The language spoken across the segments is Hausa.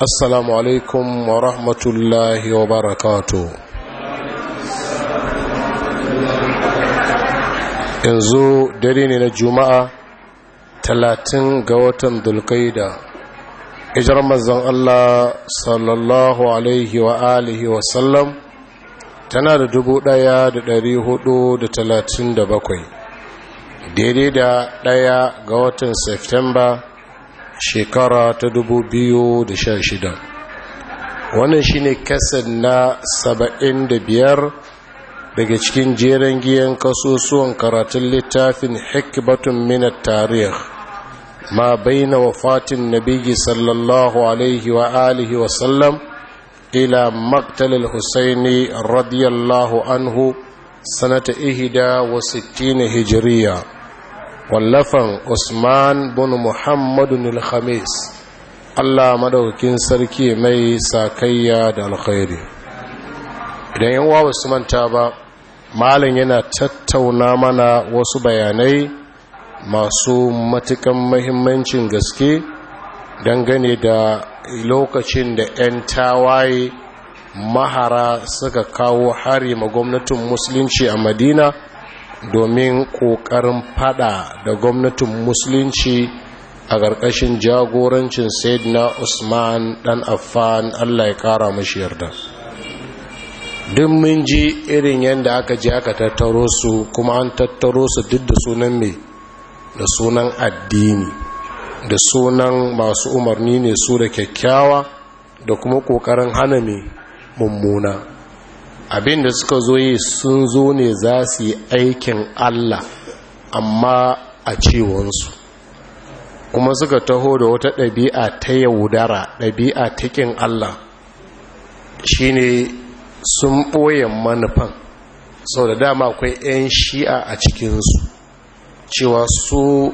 assalamu alaikum wa rahmatullahi wa barakatu yanzu dare ne na juma'a talatin ga watan dulkaida ijar mazan allah sallallahu alaihi wa alihi wa sallam tana da dubu ɗaya da dari hudu da talatin da bakwai daidai da ɗaya ga watan Seftamba. shekara ta dubu biyu da sha shida. wannan shine kasar na saba'in da biyar daga cikin jeren giyan kasusuwan karatun littafin hikbatun minat tarih ma baina wafatin nabiyyi sallallahu alaihi wa alihi wa sallam ila maktalil husaini radiyallahu anhu sanata ihida wa sittina hijiriya wallafan usman bin muhammadu al allah madaukin sarki mai sakayya da alkhairi idan yin wawa su manta ba malin yana tattauna mana wasu bayanai masu matukan mahimmancin gaske dangane da lokacin da 'yan tawaye mahara suka kawo hari ma gwamnatin musulunci a madina domin ƙoƙarin fada da gwamnatin musulunci a ƙarƙashin jagorancin sayyidina usman dan affan allah ya ƙara mashi yarda duk mun ji irin yadda aka je aka tattaro su kuma an tattaro su duk da sunan mai da sunan addini da sunan masu umarni ne su da kyakkyawa da kuma ƙoƙarin hana mai mummuna abin da suka zo yi sun zo ne za su yi aikin Allah amma a ciwonsu kuma suka taho da wata ɗabi'a ta yaudara ɗabi'a ta ƙin Allah shine sun ɓoye manufan sau da dama akwai 'yan shi'a a cikinsu cewa su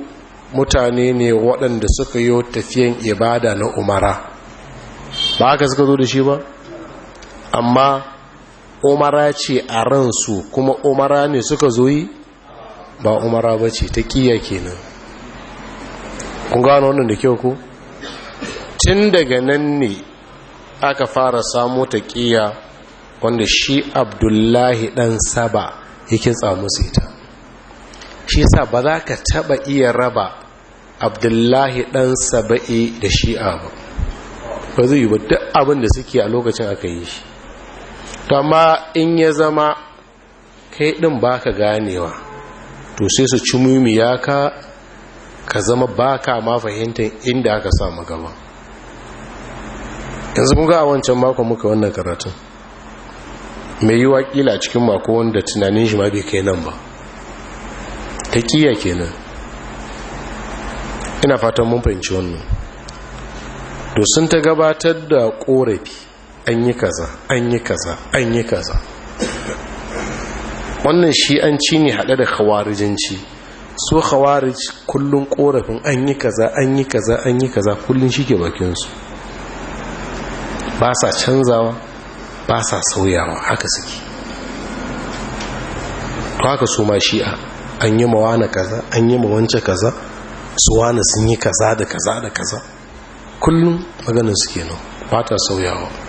mutane ne waɗanda suka yi tafiyan ibada na umara ba aka suka zo da shi ba amma umara ce a ransu kuma umara ne suka zo yi ba umara ba ce ta ƙiya kenan kun gano wannan da kyau ku tun daga nan ne aka fara samu ta ƙiya wanda shi abdullahi ɗan saba yake tsamu sai ta shi sa ba za ka taɓa iya raba abdullahi ɗan saba'i da shi'a ba ba zai yi ba duk abin suke a lokacin aka yi shi amma in ya zama kai ɗin ba ka ganewa to sai su ci mimiya ka ka zama ba ka ma fahimtar inda aka samu gaba yanzu muga a wancan mako muka wannan karatun mai yi wakila cikin mako wanda tunanin shi ma bai kai nan ba ta kiya kenan ina fatan mun fahimci wannan to sun ta gabatar da korafi an yi kaza an yi kaza an yi kaza wannan shi an ci ne haɗe da khawarijanci su khawarij kullum korafin an yi kaza an yi kaza an yi kaza kullum shi ke bakinsu ba sa canzawa ba sa sauyawa haka suke to haka su ma shi'a an yi mawana kaza an yi mawance kaza su wani sun yi kaza da kaza da kaza kullum maganin suke nan ba ta sauyawa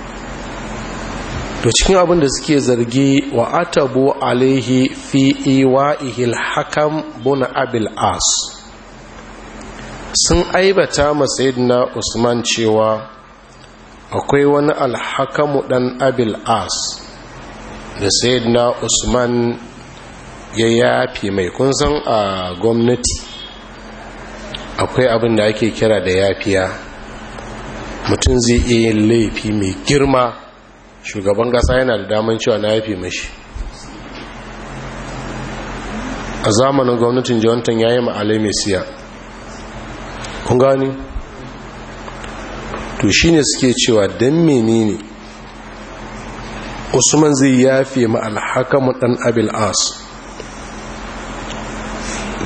to cikin abin da suke zargi wa atabu alaihi fi iwa'ihil hakam buna abil as sun aibata ma masayidina usman cewa akwai wani alhakamu dan abil as da sayidina usman ya yafi mai kun san a gwamnati akwai abin da ake kira da yafiya mutum zai iya yin laifi mai girma shugaban ƙasa yana da daman cewa na yafe mashi a zamanin gwamnatin jawantan ya yi ma'alai mai siya kun gani to shi ne suke cewa don menene usman zai yafe ma'alhakamu ɗan abil as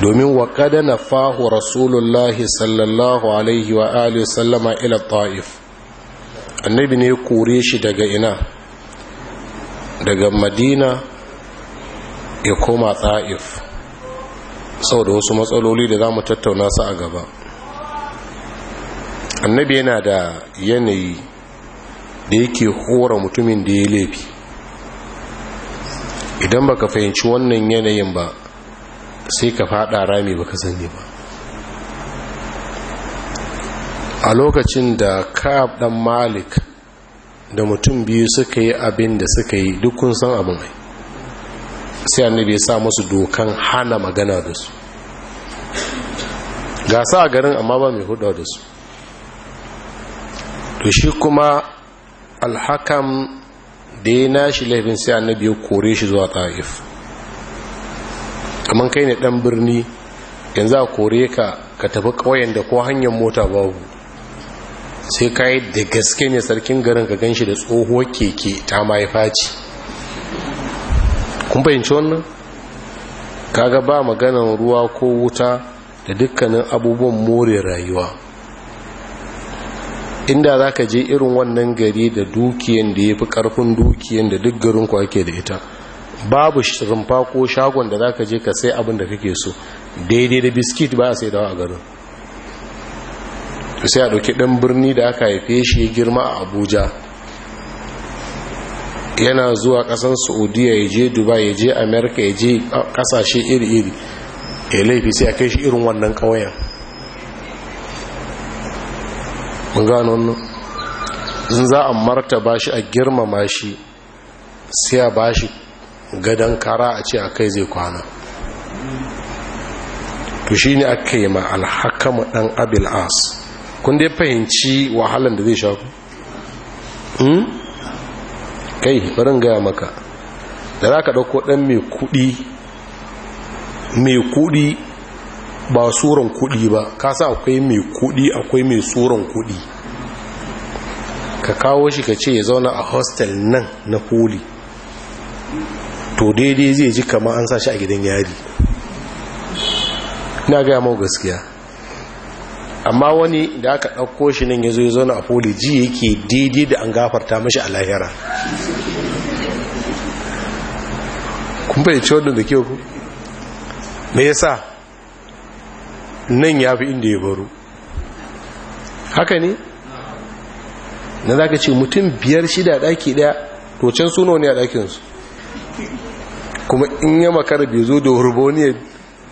domin wa kada na fahu rasulullahi sallallahu alaihi wa alihi sallama ila ta'if annabi ne kore shi daga ina daga madina ya koma ta'if saboda wasu matsaloli da za mu tattauna su a gaba annabi yana da yanayi da yake hora mutumin da ya laifi idan baka fahimci wannan yanayin ba sai ka fada rami baka sani ba a lokacin da kaab dan malik da mutum biyu suka yi abin da suka yi dukkan san abin mai sai annabi ya sa musu dokan hana magana da su gasa a garin amma ba mai hudu da su to shi kuma alhakam da ya nashi laifin sai annabi ya kore shi zuwa ta'if kamar kai ne dan birni yanzu a kore ka ka tafi ƙauyen da ko hanyar mota babu sai ka yi da gaske ne sarkin garin ka gan shi da tsohuwa keke ta mahaifa ce kun fahimci wannan kaga ba maganan ruwa ko wuta da dukkanin abubuwan more rayuwa inda za ka je irin wannan gari da dukiyan da ya fi karfin dukiyan da duk garin ku ake da ita babu rumfa ko shagon da za ka je ka sai abin da kake so daidai da biskit ba a sai dawa a garin sai a ɗauki ɗan birni da aka haife shi girma a abuja yana zuwa ƙasar saudiya ya je dubai ya je america ya je ƙasashe iri-iri ya laifi sai a kai shi irin wannan ƙauyen mun gano wannan zan za a martaba shi a girmama shi sai a ba shi gadon kara a ce a kai zai kwana to shi ne aka yi ma alhakama ɗan abil as kun dai fahimci wahalan da zai sha ku hmm? kai barin gaya maka da za ka ɗauko ɗan mai kuɗi mai kuɗi ba tsoron kuɗi ba kasa akwai mai kuɗi akwai mai tsoron kuɗi ka kawo shi ka ce ya zauna a hostel nan na poli to daidai zai ji kama an sa shi a gidan yari na gaya mau gaskiya amma wani da aka ɗauko shi nan ya zo ya zauna a foli ji yake daidai da an gafarta mashi a lahira kun fahimci wannan da ke ku me sa nan ya fi inda ya baro haka ne na za ka ce mutum biyar shida ɗaki ɗaya to can suna wani a ɗakinsu kuma in ya makara bai zo da hurboniyar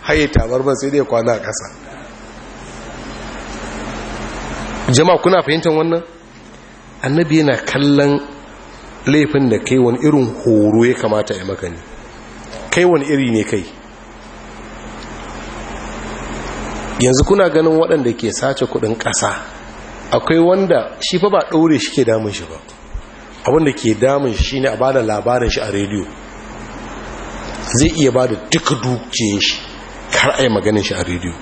haye tabar ba sai dai kwana a ƙasa jama'a kuna fahimtar wannan annabi yana kallon laifin da kai wani irin horo ya kamata ya maka ne kai wani iri ne kai yanzu kuna ganin waɗanda ke sace kudin ƙasa akwai wanda shi fa ba ɗaure shi ke damun shi ba abinda ke damun shi ne a ba da labarin shi a rediyo zai iya ba da duka dukiyin shi kar a yi maganin shi a rediyo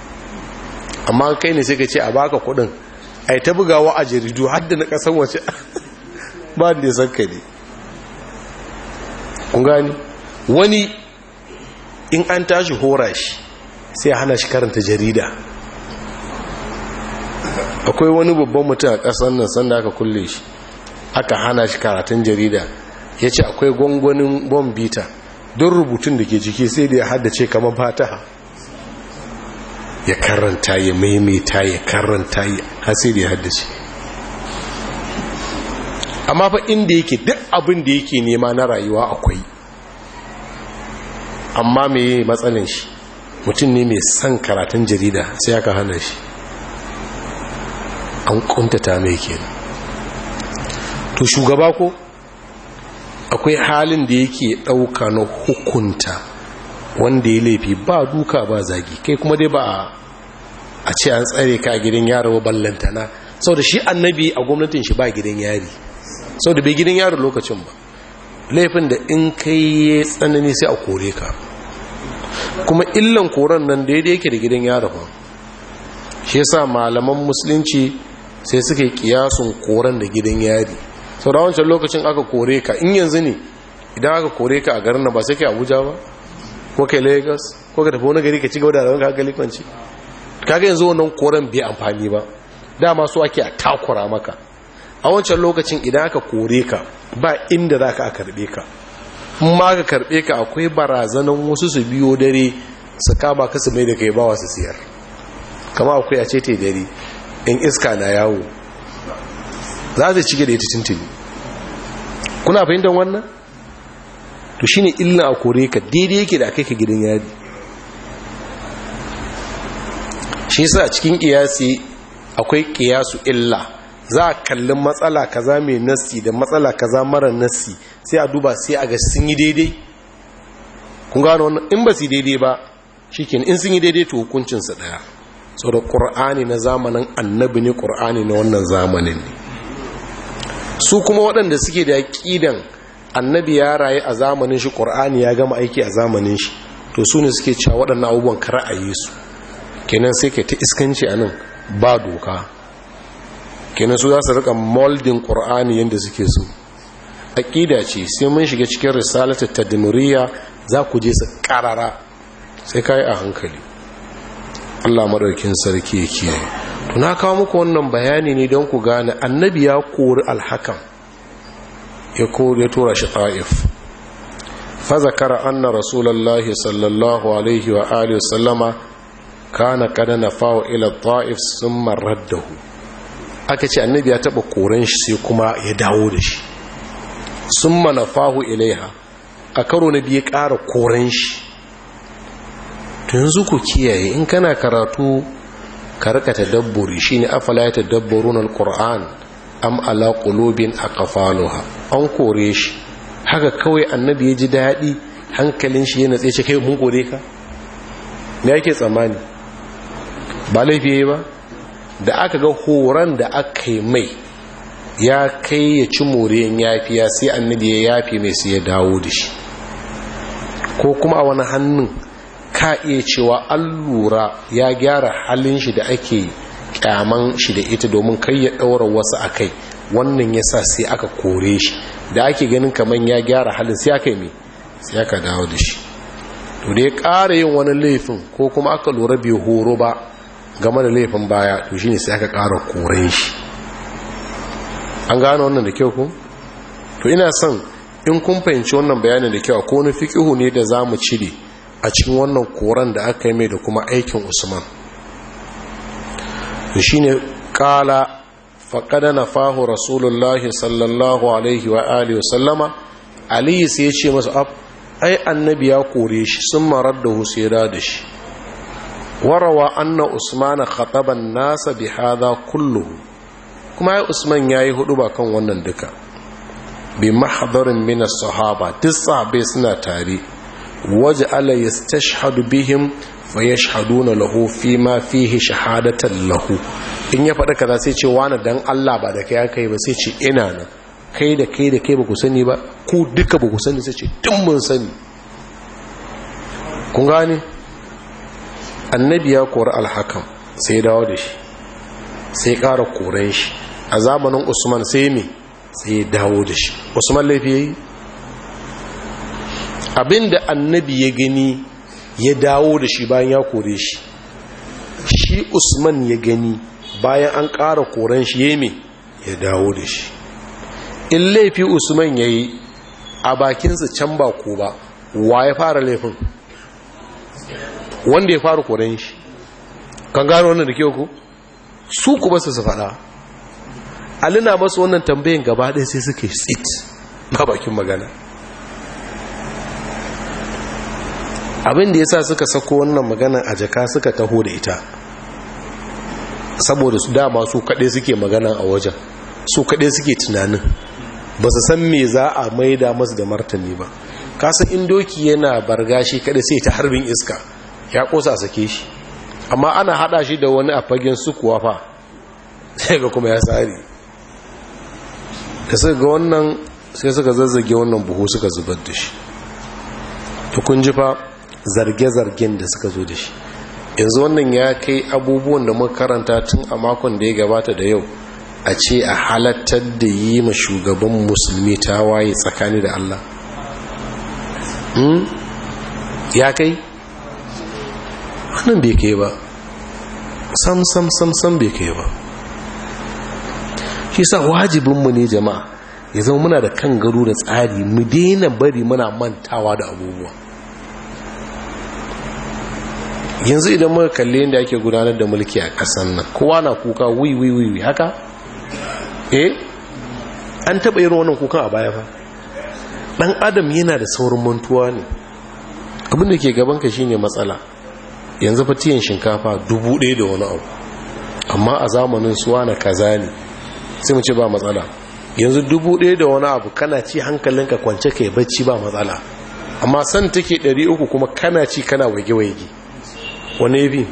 amma kai ne sai ka ce a baka kudin a yi ta bugawa a jaridu hadda na kasan wace ba da ya ka ne kun gani wani in an tashi hora shi sai hana shi karanta jarida akwai wani babban mutum a kasan nan sanda aka kulle shi aka hana shi karatun jarida ya ce akwai gwangwanin bombita don rubutun da ke jiki sai da ya haddace kamar fataha ya karanta ya maimaita ya karanta ya hasiri ya haddace amma fa inda yake duk abin da yake nema na rayuwa akwai amma mai matsalin shi mutum ne mai son karatun jarida sai aka hana shi an kuntata mai kenan to shugaba ko akwai halin da yake ɗauka na hukunta wanda ya laifi ba duka ba zagi kai kuma dai ba a ce an tsare ka gidan yaro ballantana da shi annabi a gwamnatin shi ba gidan yari sau da bai gidan yaro lokacin ba laifin da in kai ya tsanani sai a kore ka kuma illan koren nan daidai yake da gidan yaro ba shi yasa malaman musulunci sai suka yi kiyasun koren da gidan yari da wancan lokacin aka kore ka in yanzu ne idan aka kore ka a garin na ba sai kai abuja ba ko lagos ko ka tafi wani gari ka ci gaba da rayuwar ka kwanci kaga yanzu wannan koren bai amfani ba dama su ake a takura maka a wancan lokacin idan aka kore ka ba inda za ka a karbe ka in ma ka karbe ka akwai barazanan wasu su biyo dare su kama ka mai da kai bawa su siyar kama akwai a ce te dare in iska na yawo za su cike da ita tuntuni kuna fahimtar wannan to shine illa a kore ka daidai yake da kai gidan yari shi yasa a cikin kiyasi akwai kiyasu illa za a kalli matsala kaza mai nasi da matsala kaza mara nasi sai a duba sai a ga sun yi daidai kun gano wannan in ba su daidai ba shikin in sun yi daidai to hukuncin su daya sau da ƙur'ani na zamanin annabi ne ƙur'ani na wannan zamanin ne su kuma waɗanda suke da ƙidan. annabi ya rayu a zamanin shi qur'ani ya gama aiki a zamanin shi to su ne suke cewa waɗannan abubuwan kar a yi su kenan sai ke ta iskanci a nan ba doka kenan su za su rika moldin ƙur'ani yadda suke so aƙida ce sai mun shiga cikin risalatar tadmuriya za ku je su ƙarara sai ka yi a hankali allah maɗaukin sarki ya kiyaye to na kawo muku wannan bayani ne don ku gane annabi ya kori alhakan ya kori ya tura shi ta'if fazakara anna rasulullahi sallallahu alaihi wa alihi kana kada na fawo ila ta'if sun maraddahu aka ce annabi ya taɓa koren shi sai kuma ya dawo da shi sun fahu ilaiha a karo na biyu ƙara koren shi to ku kiyaye in kana karatu ka rika tadabburi shine afala ya tadabburuna alquran am ala qulubin aqfaluha an kore shi haka kawai annabi ya ji daɗi hankalin shi ya natse kai mun kore ka me yake tsammani ba laifi yayi ba da aka ga horon da aka yi mai ya kai ya ci moriyan yafiya sai annabi ya yafi mai sai ya dawo da shi ko kuma a wani hannun ka iya cewa allura ya gyara halin shi da ake yi kyaman shi da ita domin kai ya ɗaura wasu a kai wannan ya sa sai aka kore shi da ake ganin kamar ya gyara halin sai aka yi mai sai aka dawo da shi to da ya ƙara yin wani laifin ko kuma aka lura bai horo ba game da laifin baya to shi ne sai aka ƙara kore shi an gano wannan da kyau ku to ina son in kun fahimci wannan bayanin da kyau ko wani fiƙihu ne da za mu cire a cikin wannan koren da aka yi mai da kuma aikin usman to shine kala faƙada na fahu rasulullahi sallallahu alaihi wa alihi sallama aliyu sai ya ce masa ab ai annabi ya kore shi sun marar da husaira da shi warawa anna usmana khataban nasa bi hadha kulluhu kuma ai usman yayi hudu ba kan wannan duka bi mahdharin min as-sahaba duk sahabbai suna tare waje ala yastashhadu bihim fa na lahu fi ma fihi shahadatan lahu in ya faɗa kaza sai ce wani dan Allah ba da kai aka yi ba sai ce ina nan kai da kai da kai ba ku sani ba ku duka ba ku sani sai ce duk mun sani kun gane annabi ya kori alhakan sai dawo da shi sai ƙara koren shi a zamanin usman sai me sai dawo da shi usman laifi yayi abinda annabi ya gani ya dawo da shi bayan ya kore shi shi usman ya gani bayan an ƙara koren shi ya yi ya dawo da shi in laifi usman ya yi a bakinsa can ba ko ba wa ya fara laifin wanda ya fara koren shi kan gano wannan da ke ku su ku basu su faɗa alina masu wannan tambayin gaba ɗaya sai suke yi tsit ba bakin magana abin da ya sa suka sako wannan magana a jaka suka taho da ita saboda su dama su kaɗai suke magana a wajen su kaɗai suke tunanin ba su san me za a maida masu da martani ba kasan in doki yana bargashi shi kaɗai sai ta harbin iska ya ƙosa sake shi amma ana haɗa shi da wani a fagen su kuwa fa sai ga kuma ya tsari suka sai suka zazzage wannan buhu suka zubar da shi tukun zarge-zargen da suka zo da shi yanzu wannan ya kai abubuwan da makaranta tun a makon da ya gabata da yau a ce a halattar da yi ma shugaban musulmi ta waye tsakani da Allah hmm? ya kai wannan bai kai ba sam sam sam sam bai kai ba shi sa wajibinmu ne jama'a ya zama muna da kan garu da tsari mu daina bari muna mantawa da abubuwa yanzu idan muka kalli yadda ake gudanar da mulki a ƙasar nan kowa na kuka wi wi wi haka eh an taɓa yin wannan kuka a baya ba ɗan adam yana da saurin mantuwa ne abin da ke gabanka shine matsala yanzu fatiyan shinkafa dubu ɗaya da wani abu amma a zamanin suwa na kaza ne sai mu ce ba matsala yanzu dubu ɗaya da wani abu kana ci hankalinka kwance ka yi bacci ba matsala amma san take ɗari uku kuma kana ci kana wage-wage wane bi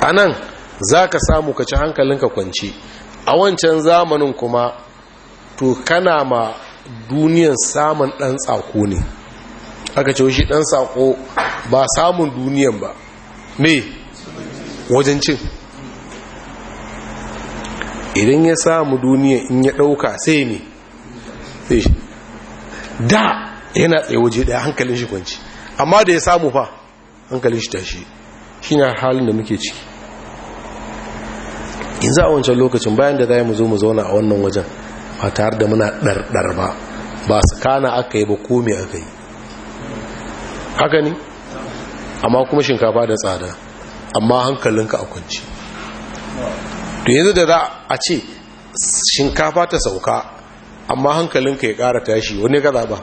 a nan za ka samu ka ci hankalinka kwanci a wancan zamanin kuma to kana ma duniyan samun ɗan tsako ne aka ce shi ɗan tsako ba samun duniyan ba me wajen cin idan ya samu duniya in ya ɗauka sai ne da yana tsaye waje da hankalin shi kwanci amma da ya samu fa hankalin shi tashi shi ne halin da muke ciki in za a wancan lokacin bayan da za mu zo mu zauna a wannan wajen ba tare da muna ɗarɗar ba ba su kana aka yi ba kome aka yi haka ne amma kuma shinkafa da tsada amma hankalinka a kwanci to yanzu da za a ce shinkafa ta sauka amma hankalinka ya ƙara tashi wani gaza ba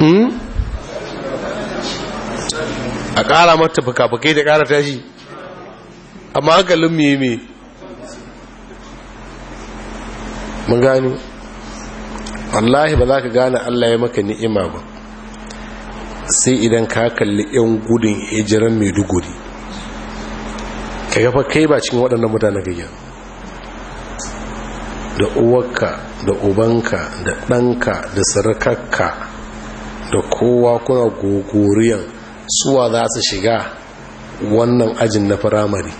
hmm? a ƙara mata fuka-fukai da ƙara tashi amma hankalin mai mai mun gani wallahi ba za ka gane allah ya maka ni'ima ba sai idan ka kalli 'yan gudun hijiran maiduguri ka gafa kai ba cikin waɗannan mutane gayya da uwarka da ubanka da ɗanka da sarakakka da kowa kuna gogoriyan suwa za su shiga wannan ajin na firamare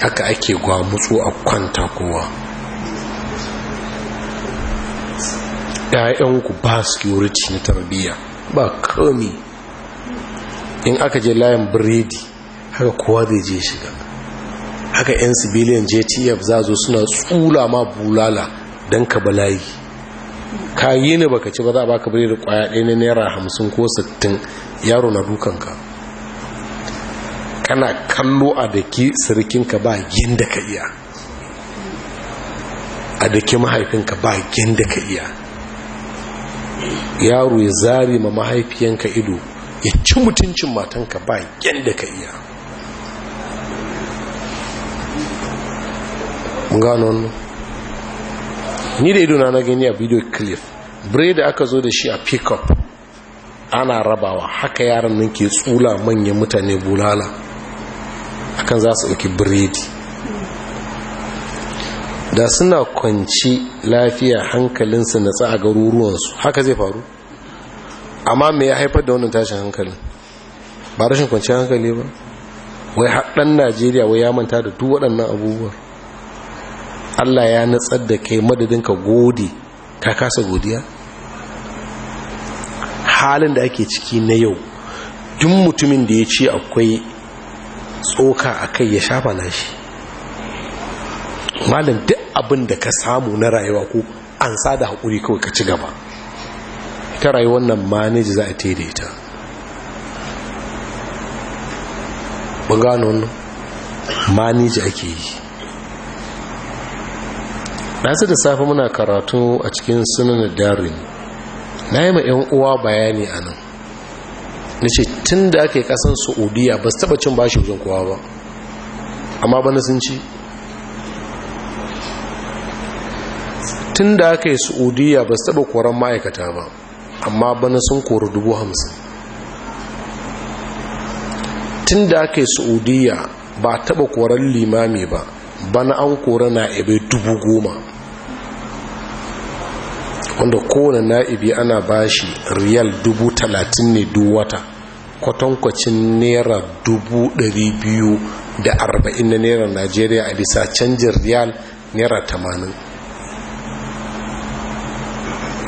haka ake gwamutsu a kwanta kowa ‘ya'yanku ba security na tarbiyya ba kome in aka je layin biredi haka kowa zai je shiga haka 'yan civilian jtf za zo suna tsula ma bulala don ka balayi ka yi ni baka ci ba za a baka biredi kwaya ɗaya na naira hamsin ko sittin yaro na dukanka kana kallo a daki sirikinka ba yadda ka iya a daki mahaifinka ba yadda ka iya yaro ya zari ma mahaifiyanka ido ya ci mutuncin matanka ba yadda ka iya gano ni da idona na gani a video clip bire da aka zo da shi a up. ana rabawa haka yaran nan ke tsula manyan mutane bulala akan za su ɗauki biredi da suna kwanci lafiya hankalinsu na tsa a garuruwansu haka zai faru amma me ya haifar da wannan tashin hankalin ba rashin kwanci hankali ba wai haɗan najeriya wai ya manta da duk waɗannan abubuwa allah ya natsar da kai madadin ka gode ka kasa godiya halin da ake ciki na yau duk mutumin da ya ce akwai tsoka a kai ya shafa na shi malam duk abin da ka samu na rayuwa ko an sa da haƙuri kawai ka ci gaba ta rayuwar nan manage za a taidaita ban gano wannan manage ake yi nasu da safe muna karatu a cikin sunan darin na yi ma 'yan uwa bayani a nan na ce tun da ake kasan saudiya ba su taba cin bashi wajen kowa ba amma bana sun ci tun da aka yi saudiya ba su taba koren ma'aikata ba amma bana sun kori dubu hamsin tun da aka yi saudiya ba taba koren limami ba bana an kori na ebe dubu goma wanda kowane na'ibi ana bashi riyal dubu talatin ne duk wata kwatankwacin naira dubu ɗari biyu da arba'in na naira najeriya a bisa canjin riyal naira tamanin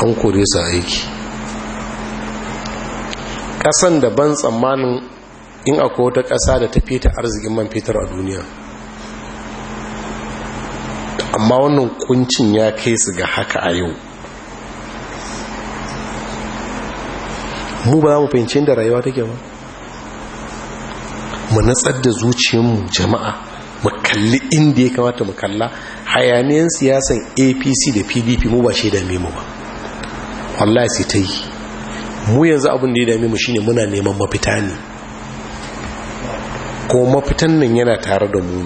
an kore su aiki ƙasan da ban tsammanin in akwai wata ƙasa da ta fita arzikin man fetur a duniya amma wannan kuncin ya kai su ga haka a yau mu ba za mu fahimci inda rayuwa take ba mu natsar da zuciyarmu jama'a mu kalli inda ya kamata mu kalla hayaniyan siyasan apc da pdp mu ba shi dame mu ba wallahi sai ta yi mu yanzu abin da ya dame mu shine muna neman mafita ne ko mafitan nan yana tare da mu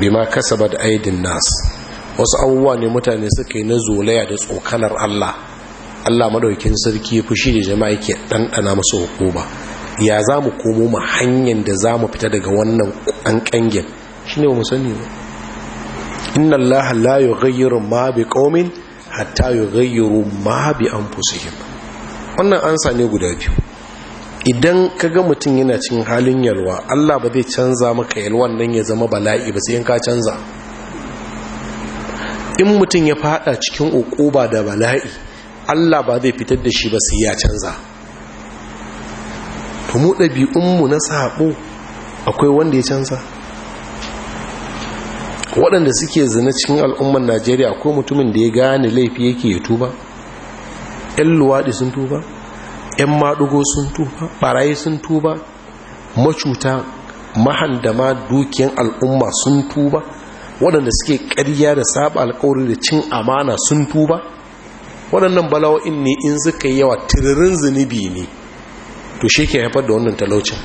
ne ba da aidin nas wasu abubuwa ne mutane suka yi na zolaya da tsokanar Allah Allah madaukin sarki fushi da jama'a yake ɗanɗana masa hukuma ya za mu komo mu hanyar da za mu fita daga wannan ƙanƙangin shi ne mu sani ba inna Allah la yughayyiru ma bi qaumin hatta yughayyiru ma bi anfusihim wannan ansa ne guda biyu idan kaga mutum yana cin halin yalwa Allah ba zai canza maka yalwan nan ya zama bala'i ba sai in ka canza in mutum ya fada cikin uquba da bala'i Allah ba zai fitar da shi ba sai ya canza to mu ɗabi'unmu na saɓo akwai wanda ya canza waɗanda suke zina cikin al'ummar najeriya akwai mutumin da ya gane laifi yake ya tuba ƴan luwaɗi sun tuba ƴan maɗugo sun tuba ɓarayi sun tuba macuta mahandama dukiyar al'umma sun tuba waɗanda suke ƙarya da saba alƙawari da cin amana sun tuba waɗannan bala'o'in ne in suka yi yawa tiririn zunubi ne to shi ke haifar da wannan talaucin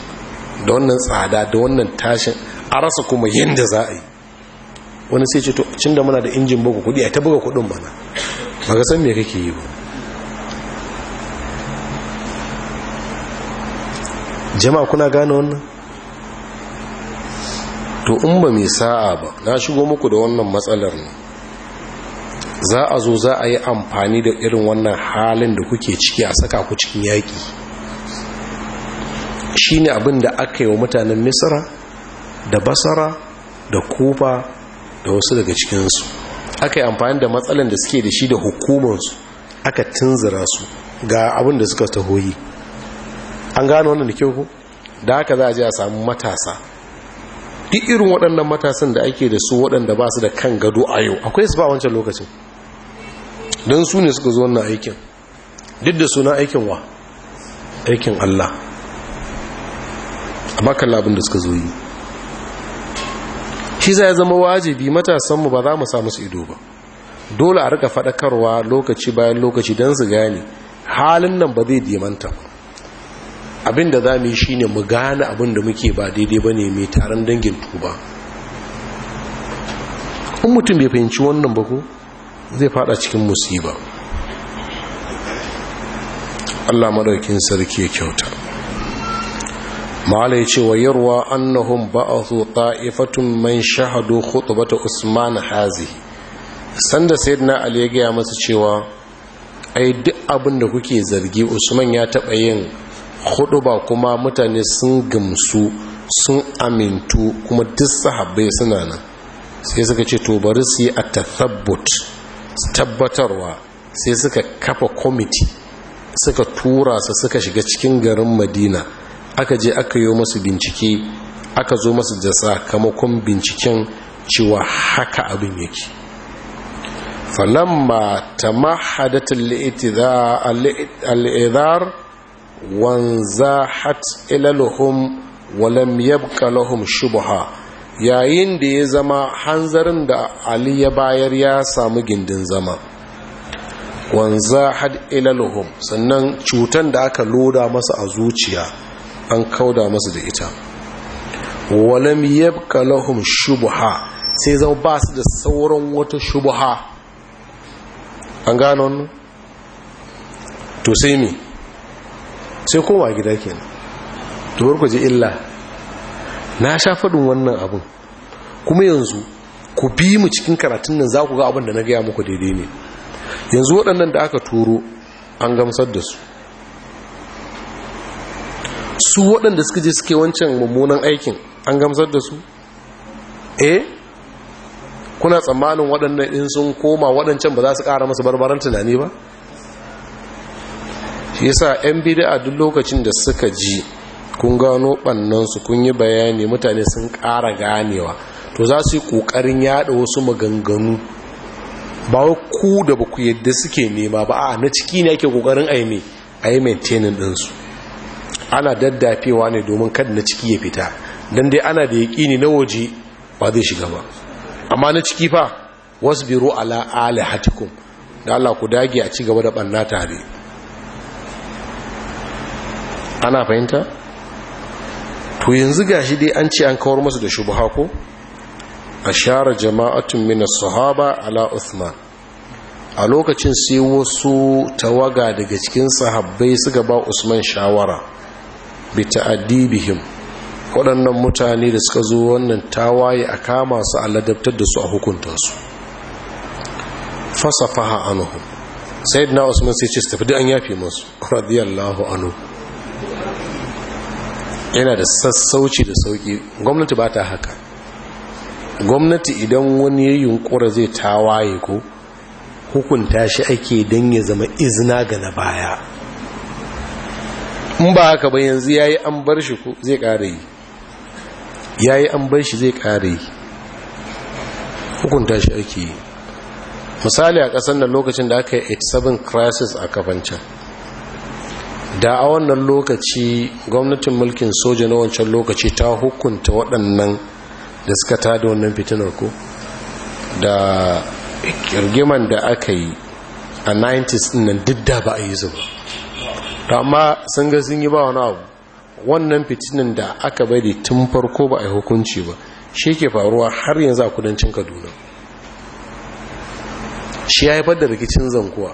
da wannan tsada da wannan tashin a rasa kuma yadda za a yi wani sai ce cin da muna da injin buga kudi a ta buga kudin mana ba ga san me kake yi ba jama'a kuna gane wannan to in ba mai sa'a ba na shigo muku da wannan matsalar ne za a zo za a yi amfani da irin wannan halin da kuke ciki a saka ku cikin yaƙi shi ne abin da aka yi wa mutanen Misira, da basara da kufa da wasu daga cikinsu aka yi amfani da matsalan da suke da shi da hukumansu aka tunzura su ga abin da suka tahoyi an gano wannan da kyau ku da haka za a je a samu matasa duk irin waɗannan matasan da ake da su waɗanda ba su da kan gado a yau akwai su ba wancan lokacin don su ne suka zo wannan aikin duk da suna aikin wa aikin Allah amma kalla da suka zo yi shi zai zama wajibi matasanmu ba za mu samu su ido ba dole a rika faɗakarwa lokaci bayan lokaci don su gane halin nan ba zai dimanta abin da za mu yi shi ne mu gane abin da muke ba daidai ba ne mai taron dangin tuba in mutum bai fahimci wannan ba ko zai fada cikin musiba Allah madaukin sarki ya kyauta mala yace wa yarwa annahum ba'athu ta'ifatun man shahadu khutbata usman hazi sanda sayyidina ali ya gaya masa cewa ai duk abin da kuke zargi usman ya taba yin khutba kuma mutane sun gamsu sun amintu kuma duk sahabbai suna nan sai suka ce to bari su yi at-tathabbut tabbatarwa sai suka kafa kwamiti suka tura su suka shiga cikin garin madina aka je aka yi masu bincike aka zo masu da sakamakon binciken cewa haka abin yake falamma ta mahadatul al'idar wanzahat ilalohun walam yabkalohun lahum shubha yayin da ya zama hanzarin da ali ya bayar ya samu gindin zama wanza had ilaluhum sannan cutar da aka loda masa a zuciya an kauda masa da ita walam yabqa lahum shubha sai zama ba su da sauran wata shubha an gano wannan to sai me sai kowa gida kenan to warku ji illa na sha faɗin wannan abin kuma yanzu ku bi mu cikin karatun nan za ku ga abin da na gaya muku daidai ne yanzu waɗannan da aka turo an gamsar da su su waɗanda suka je suke wancan mummunan aikin an gamsar da su eh kuna tsammanin waɗannan in sun koma waɗancan ba za su ƙara masu barbaran tunani ba shi yasa 'yan bida a duk lokacin da suka ji kun gano ɓannansu kun yi bayani mutane sun ƙara ganewa to za su yi ƙoƙarin yaɗa wasu maganganu ba ku da ba ku yadda suke nema ba a na ciki ne ake ƙoƙarin aimi a yi maintainin ɗinsu ana daddafewa ne domin kada na ciki ya fita don dai ana da yaƙini na waje ba zai shiga ba amma na ciki fa wasu biro ala Hatikun da Allah ku dage a ci gaba da ɓanna tare ana fahimta? to yanzu gashi dai an ce an kawar masu da shubha ko ashara jama'atun min as-sahaba ala Uthman a lokacin sai wasu tawaga daga cikin sahabbai suka ba Usman shawara bi ta'addibihim waɗannan mutane da suka zo wannan tawaye a kama su a ladabtar da su a hukunta su fasafaha anhum sayyidina Usman sai ce tafi da an yafe masu radiyallahu anhu yana da sassauci da sauki gwamnati ba ta haka gwamnati idan wani ya yunkura zai tawaye ko hukunta shi ake don ya zama izina ga na baya in ba haka ba yanzu ya yi an bar shi ko zai ƙara yi ya yi an bar shi zai ƙara yi hukunta shi ake yi misali a ƙasar da lokacin da aka yi 87 crisis a kafancan da a wannan lokaci gwamnatin mulkin soja na wancan lokaci ta hukunta waɗannan da suka tada wannan fitinar ko da kirgiman da aka yi a 90s nan duk da ba a yi zuba amma sun ga sun yi ba wani abu wannan fitinin da aka bari tun farko ba a yi hukunci ba shi ke faruwa har yanzu a kudancin kaduna shi ya haifar da rikicin zankuwa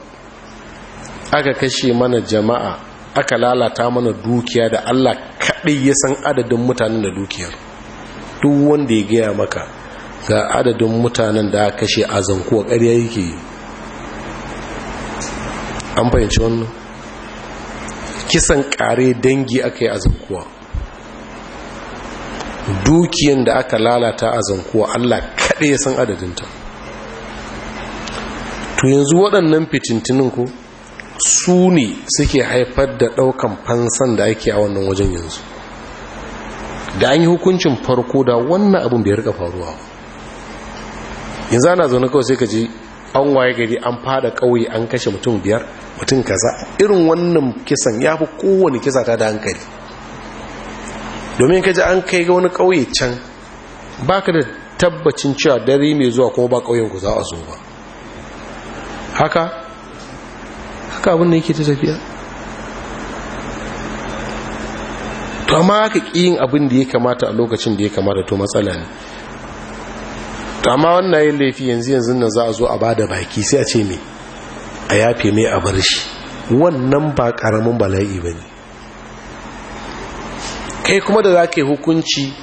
aka kashe mana jama'a aka lalata mana dukiya da Allah kaɗai ya san adadin mutanen da dukiyar duk wanda ya gaya maka ga adadin mutanen da aka kashe a zankuwa ƙarya yake yi an fahimci wannan kisan ƙare dangi aka yi a zankuwa dukiyan da aka lalata a zankuwa Allah kaɗai ya san adadinta to yanzu waɗannan fitintinin ko su ne suke haifar da ɗaukan fansan da ake a wannan wajen yanzu da an yi hukuncin farko da wannan abin bai rika faruwa yanzu ana zaune kawai sai ka ji an waye gari an fada ƙauye an kashe mutum biyar mutum kaza irin wannan kisan ya fi kowane kisa ta da hankali domin ka ji an kai ga wani ƙauye can ba ka da tabbacin cewa dare mai zuwa kuma ba ƙauyen ku za a zo ba haka haka abin da yake ta tafiya to amma haka ƙiyin abin da ya kamata a lokacin da ya kamata to matsala ne to amma wannan yin laifi yanzu yanzu na za a zo a ba da baki sai a ce me a yafe mai a bar shi wannan ba ƙaramin bala'i ba ne kai kuma da za ka yi hukunci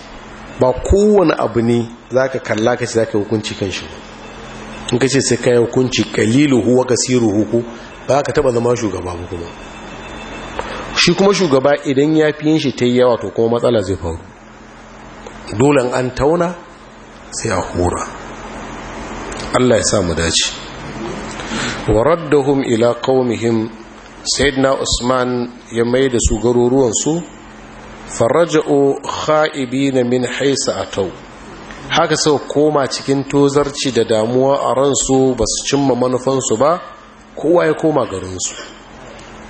ba kowane abu ne za ka kalla ka ce za ka yi hukunci kan shi in ka ce sai ka yi hukunci kalilu huwa siru huku ba ka taba zama shugaba ba kuma shi kuma shugaba idan ya fi yin shi ta yi yawa to kuma matsala zai faru dolan an tauna sai a hura Allah ya sa mu dace waraddahum raddahum ila qaumihim sayyidina usman ya mai da su garuruwan su faraja'u kha'ibina min a tau. haka sau koma cikin tozarci da damuwa a ransu ba su cimma manufansu ba kowa ya koma garinsu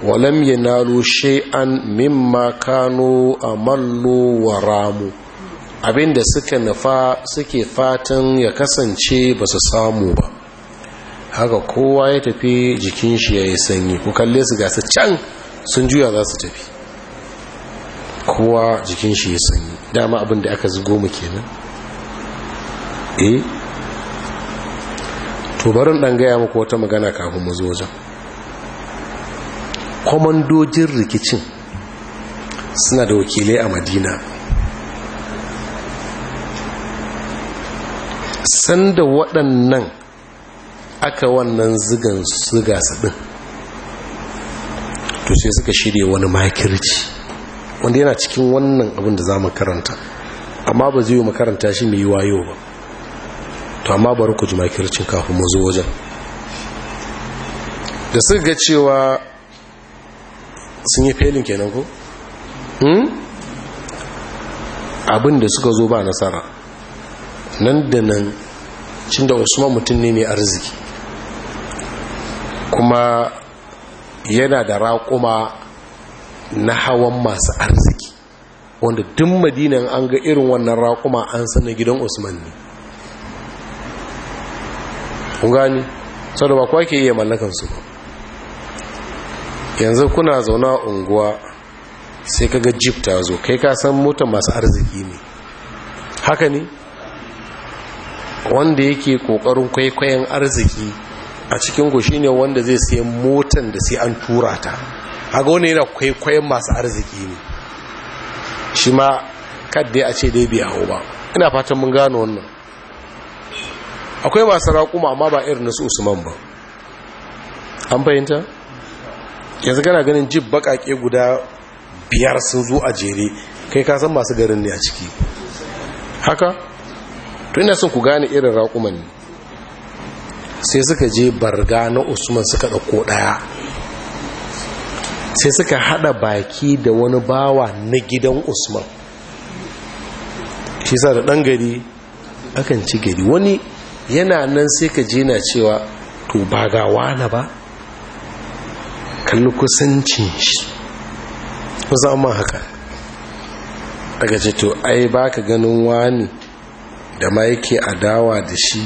walam yanalu shay'an mimma a mallo wa ramu abinda suka nufa suke fatan ya kasance ba su samu ba haka kowa ya tafi jikin shi ya yi sanyi ku kalle su gasa can sun juya za su tafi kowa jikin shi ya sanyi dama abinda aka zigo mu kenan eh to barin dan gaya muku wata magana kafin mu zo wajen kwamandojin rikicin suna da wakilai a madina da waɗannan aka wannan zigan su gasa ɗin to sai suka shirya wani makirci wanda yana cikin wannan abin da za mu karanta amma ba zai yi makaranta shi mai wayo ba to amma bari ku ji makircin kafin mu zo wajen da suka ga cewa sun yi felin kenan ko hmm? abin da suka zo ba nasara nan da nan cin da usman mutum ne mai arziki kuma yana da raƙuma na hawan masu arziki wanda duk madinan an ga irin wannan raƙuma an sanar gidan usman ne kun gani sau ba kwa ke iya mallakansu yanzu kuna zauna unguwa sai kaga jip ta zo kai ka san motar masu arziki ne haka ne wanda yake ƙoƙarin kwaikwayon arziki a cikin goshi shine wanda zai saya motan da sai an tura ta haka wani yana kwaikwayon masu arziki ne shi ma kadda a ce dai biya hau ba ina fatan mun gano wannan akwai masu raƙuma amma ba irin nasu usman ba an fahimta yanzu kana ganin jib baƙaƙe guda biyar sun zo a jere kai ka san masu garin ne a ciki haka to ina son ku gane irin rakuman ne sai suka je barga na usman suka ɗauko ɗaya sai suka haɗa baki da wani bawa na gidan usman shi sa da ɗan gari akan ci gari wani yana nan sai ka je cewa to ba ga wani ba kalli kusancin shi wasu amma haka daga ce to ai ba ka ganin wani da ma yake adawa da shi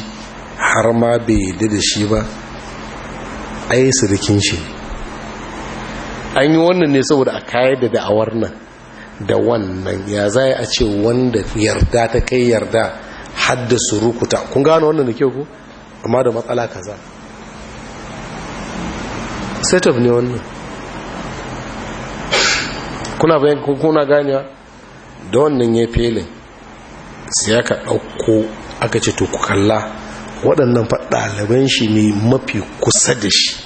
har ma bai yadda da shi ba ai sirikin shi an yi wannan ne saboda a kayar da da'awar nan da wannan ya zai a ce wanda yarda ta kai yarda haddasa rukuta kun gano wannan da ke ku amma da matsala kaza setup ne wannan kuna bayan kuna ganiya da wannan ya felin sai aka ɗauko aka ce to ku kalla waɗannan laban shi ne mafi kusa da shi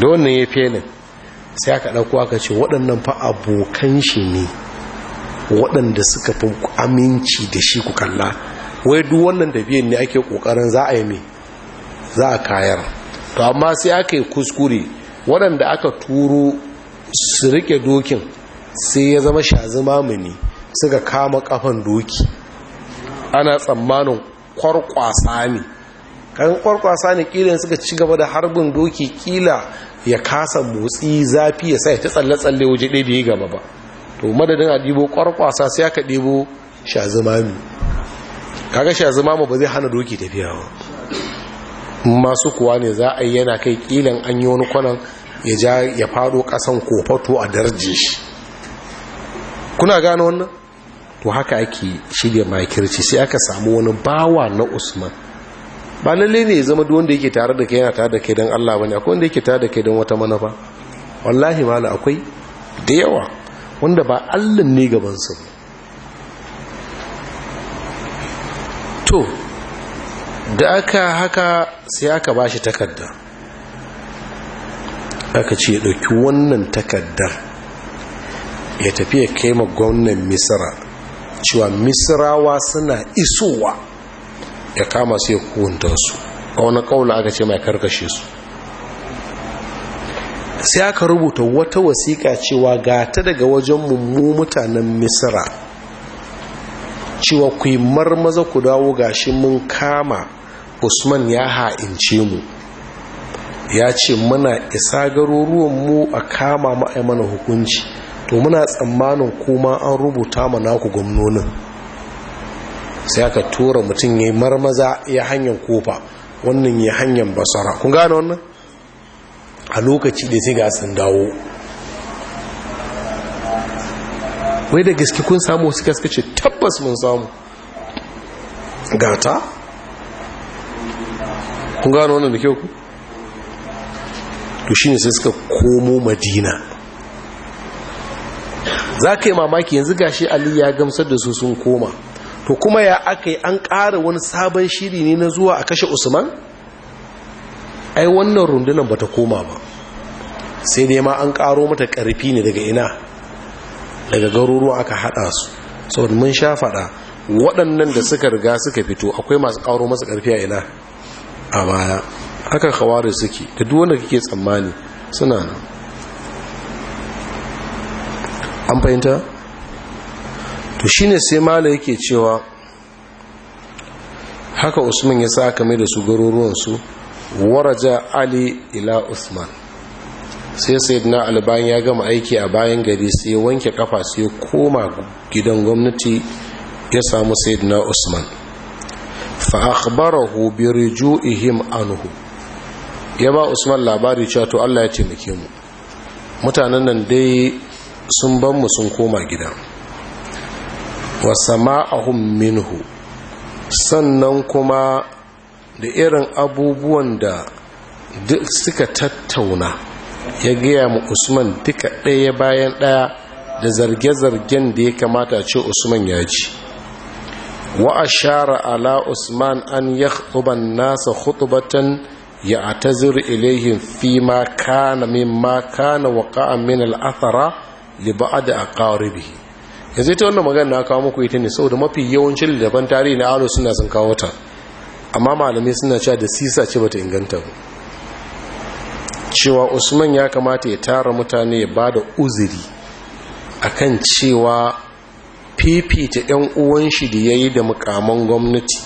da wannan ya fele sai aka ɗauko aka ce waɗannan fa abokan shi ne waɗanda suka fi aminci da shi ku kalla wai duk wannan tafiyan ne ake ƙoƙarin za a yi mai za a kayar to amma sai aka yi kuskure waɗanda aka turo su riƙe dokin sai ya zama shazuma mini suka kama ƙafan doki ana tsammanin kwarkwasa ne kan kwarkwasa ne kila suka ci gaba da harbin doki kila ya kasa motsi zafi ya sa ya ta tsalle-tsalle waje ɗaya da bai gaba ba to madadin a ɗibo ƙwarƙwasa sai aka ɗibo shazumami kaga shazumami ba zai hana doki tafiya ba masu kuwa ne za a yi yana kai ƙilan an yi wani kwanan ya ja ya faɗo ƙasan kofato a darje shi kuna gane wannan to haka ake shirya makirci sai aka samu wani bawa na usman ba lalle ne ya zama duk wanda yake tare da kai yana tare da kai don Allah ba ne, akwai wanda yake tare da kai don wata manufa wallahi mala akwai da yawa wanda ba allan ne gabansu ba to da aka haka sai aka ba shi takarda aka ce ya ɗauki wannan takardar ya tafi ya kai ma gwamnan misira cewa misirawa suna isowa ya kama su ya kuwunta su a wani kaula aka ce mai karkashe su sai aka rubuta wata wasiƙa cewa ga ta daga wajen mu mutanen Misira cewa ku yi marmaza ku dawo gashi mun kama usman ya ha'ince mu ya ce muna isa mu a kama ma'aimana hukunci to muna tsammanin kuma an rubuta ma ku gwamnonin sai aka tura mutum ya yi marmaza ya hanyar kofa wannan ya hanyar basara kun gane wannan a lokaci da sai ga sun dawo wai da gaske kun samu suka suka ce tabbas mun samu gata kun gano wannan da kyau ku to shi ne sai suka komo madina za ka yi mamaki yanzu gashi ali ya gamsar da su sun koma to kuma ya aka yi an ƙara wani sabon shiri ne na zuwa a kashe usman ai wannan rundunar bata koma ba sai dai ma an karo mata karfi ne daga ina daga garuruwa aka hada su saboda mun sha fada waɗannan da suka riga suka fito akwai masu karo masa karfi a ina a baya haka khawarij suke da duk wanda kake tsammani suna nan an fahimta to shine sai mala yake cewa haka usman ya saka mai da su garuruwansu waraja ali ila usman sai sayyidina ali bayan ya gama aiki a bayan gari sai ya wanke kafa sai ya koma gidan gwamnati ya samu sayyidina usman fa akhbarahu bi rujuihim anhu ya ba usman labari cewa to Allah ya taimake mu mutanen nan dai sun ban mu sun koma gida wa sama'ahum minhu sannan kuma da irin abubuwan da duk suka tattauna ya gaya mu usman duka ɗaya bayan ɗaya da zarge-zargen da ya kamata ce usman ya ji wa shara ala usman an ya khutuban nasa khutubatan ya zuri ilayhim fi ma kana ma kana ka'an min al-athara yanzu ita wannan magana na kawo muku ita ne saboda mafi yawancin littafan tarihi na alo suna sun kawo ta amma malamai suna cewa da sisa ce bata inganta ba cewa usman ya kamata ya tara mutane ya bada uzuri akan cewa fifita yan uwan shi da yayi da mukaman gwamnati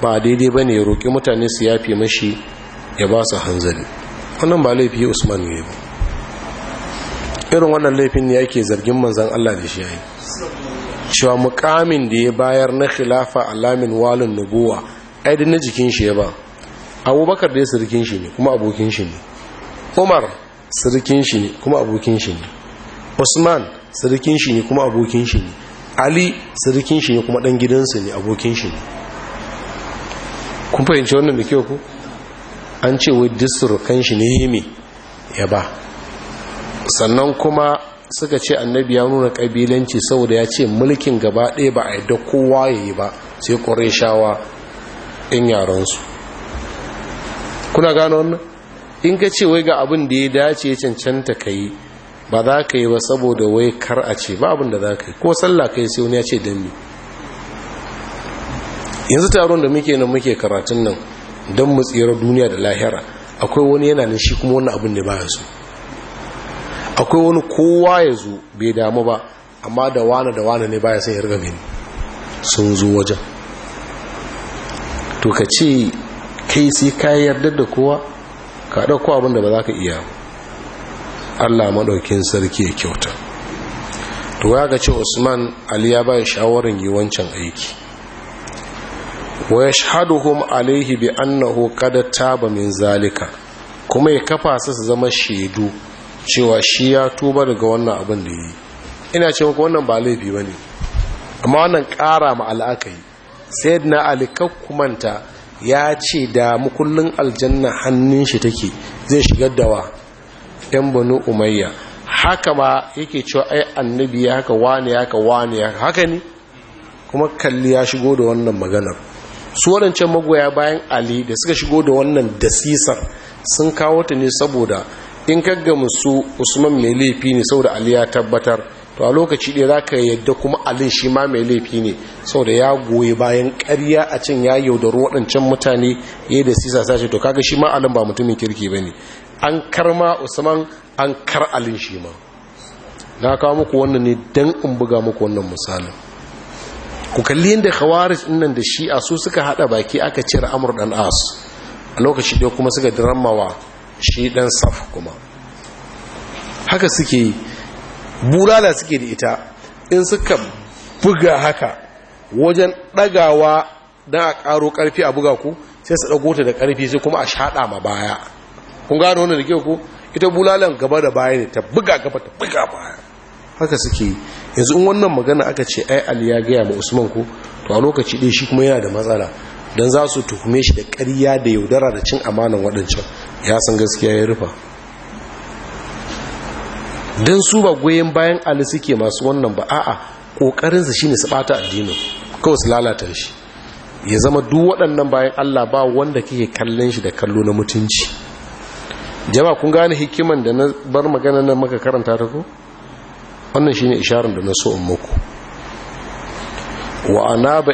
ba daidai ba ne ya roki mutane su yafe mashi ya ba su hanzari wannan ba laifi usman ne ba irin wannan laifin ne yake zargin manzon Allah da shi yayi cewa mukamin da ya bayar na khilafa alamin walin nubuwa aidin na jikin shi ya ba abubakar dai sirikin shi ne kuma abokin shi ne umar sirikin shi ne kuma abokin shi ne usman sirikin shi ne kuma abokin shi ne ali sirikin shi ne kuma dan gidansu ne abokin shi ne kun fahimci wannan da kyau ku an ce wai kan shi ne himi ya ba sannan kuma suka ce annabi ya nuna kabilanci saboda ya ce mulkin gaba ɗaya ba a yadda kowa ya yi ba sai ƙwarai shawa in yaransu kuna gano wannan in ka ce wai ga abin da ya dace cancanta ka yi ba za ka yi ba saboda wai kar a ce ba abin da za ka yi ko sallah ka yi sai wani ya ce don yanzu taron da muke nan muke karatun nan don mu tsira duniya da lahira akwai wani yana nan shi kuma wani abin da baya su. akwai wani kowa ya zo bai damu ba amma da wane da wane ne baya sai ya riga gani sun zo wajen to ka ce kai sai ka yarda da kowa ka ɗauko abin da ba za ka iya allah maɗaukin sarki ya kyauta to ya ga ce usman ali ya ba shawarar yi wancan aiki wa yashhaduhum alaihi bi annahu qad taba min zalika kuma ya kafa su su zama shaidu cewa shi ya tuba daga wannan abin da yi ina ce maka wannan ba laifi bane amma wannan ƙara ma al'akai na ali kakkumanta ya ce da mukullin aljanna hannun shi take zai shigar da wa yan banu umayya haka ba yake cewa ai annabi ya haka wani ya haka wani ya haka ne kuma kalli ya shigo da wannan maganar su waɗancan magoya bayan ali da suka shigo da wannan dasisar sun kawo ta ne saboda in kaggamu su usman mai laifi ne saboda ali ya tabbatar to a lokaci ɗaya za ka yadda kuma alin shi ma mai laifi ne sau da ya goyi bayan karya a can ya yaudaru waɗancan mutane ya da sisa sashi to kaga shi ma alin ba mutumin kirki ba ne an kar ma usman an kar alin shi ma na kawo muku wannan ne don in buga muku wannan misalin ku kalli yadda khawarij nan da shi a su suka haɗa baki aka cire amur ɗan as a lokaci ɗaya kuma suka dramawa shi ɗan saf kuma haka suke yi bulala suke da ita in suka buga haka wajen ɗagawa don a ƙaro ƙarfi a buga ku sai su ɗago ta da ƙarfi sai kuma a shaɗa ma baya kun gano wannan da ke ku ita bulalan gaba da baya ne ta buga gaba ta buga baya haka suke yanzu in wannan magana aka ce ai ali ya gaya ma usman ku to a lokaci ɗaya shi kuma yana da matsala don za su tuhume shi da ƙarya da yaudara da cin amanan waɗancan ya san gaskiya ya rufa don su ba goyon bayan ali suke masu wannan ba a'a ƙoƙarinsu shine su bata addinin kawai su lalata shi ya zama duk waɗannan bayan allah ba wanda kike kallon shi da kallo na mutunci jama kun gane hikiman da na bar magana nan maka karanta ta ko wannan shine isharar da na so in muku wa ana ba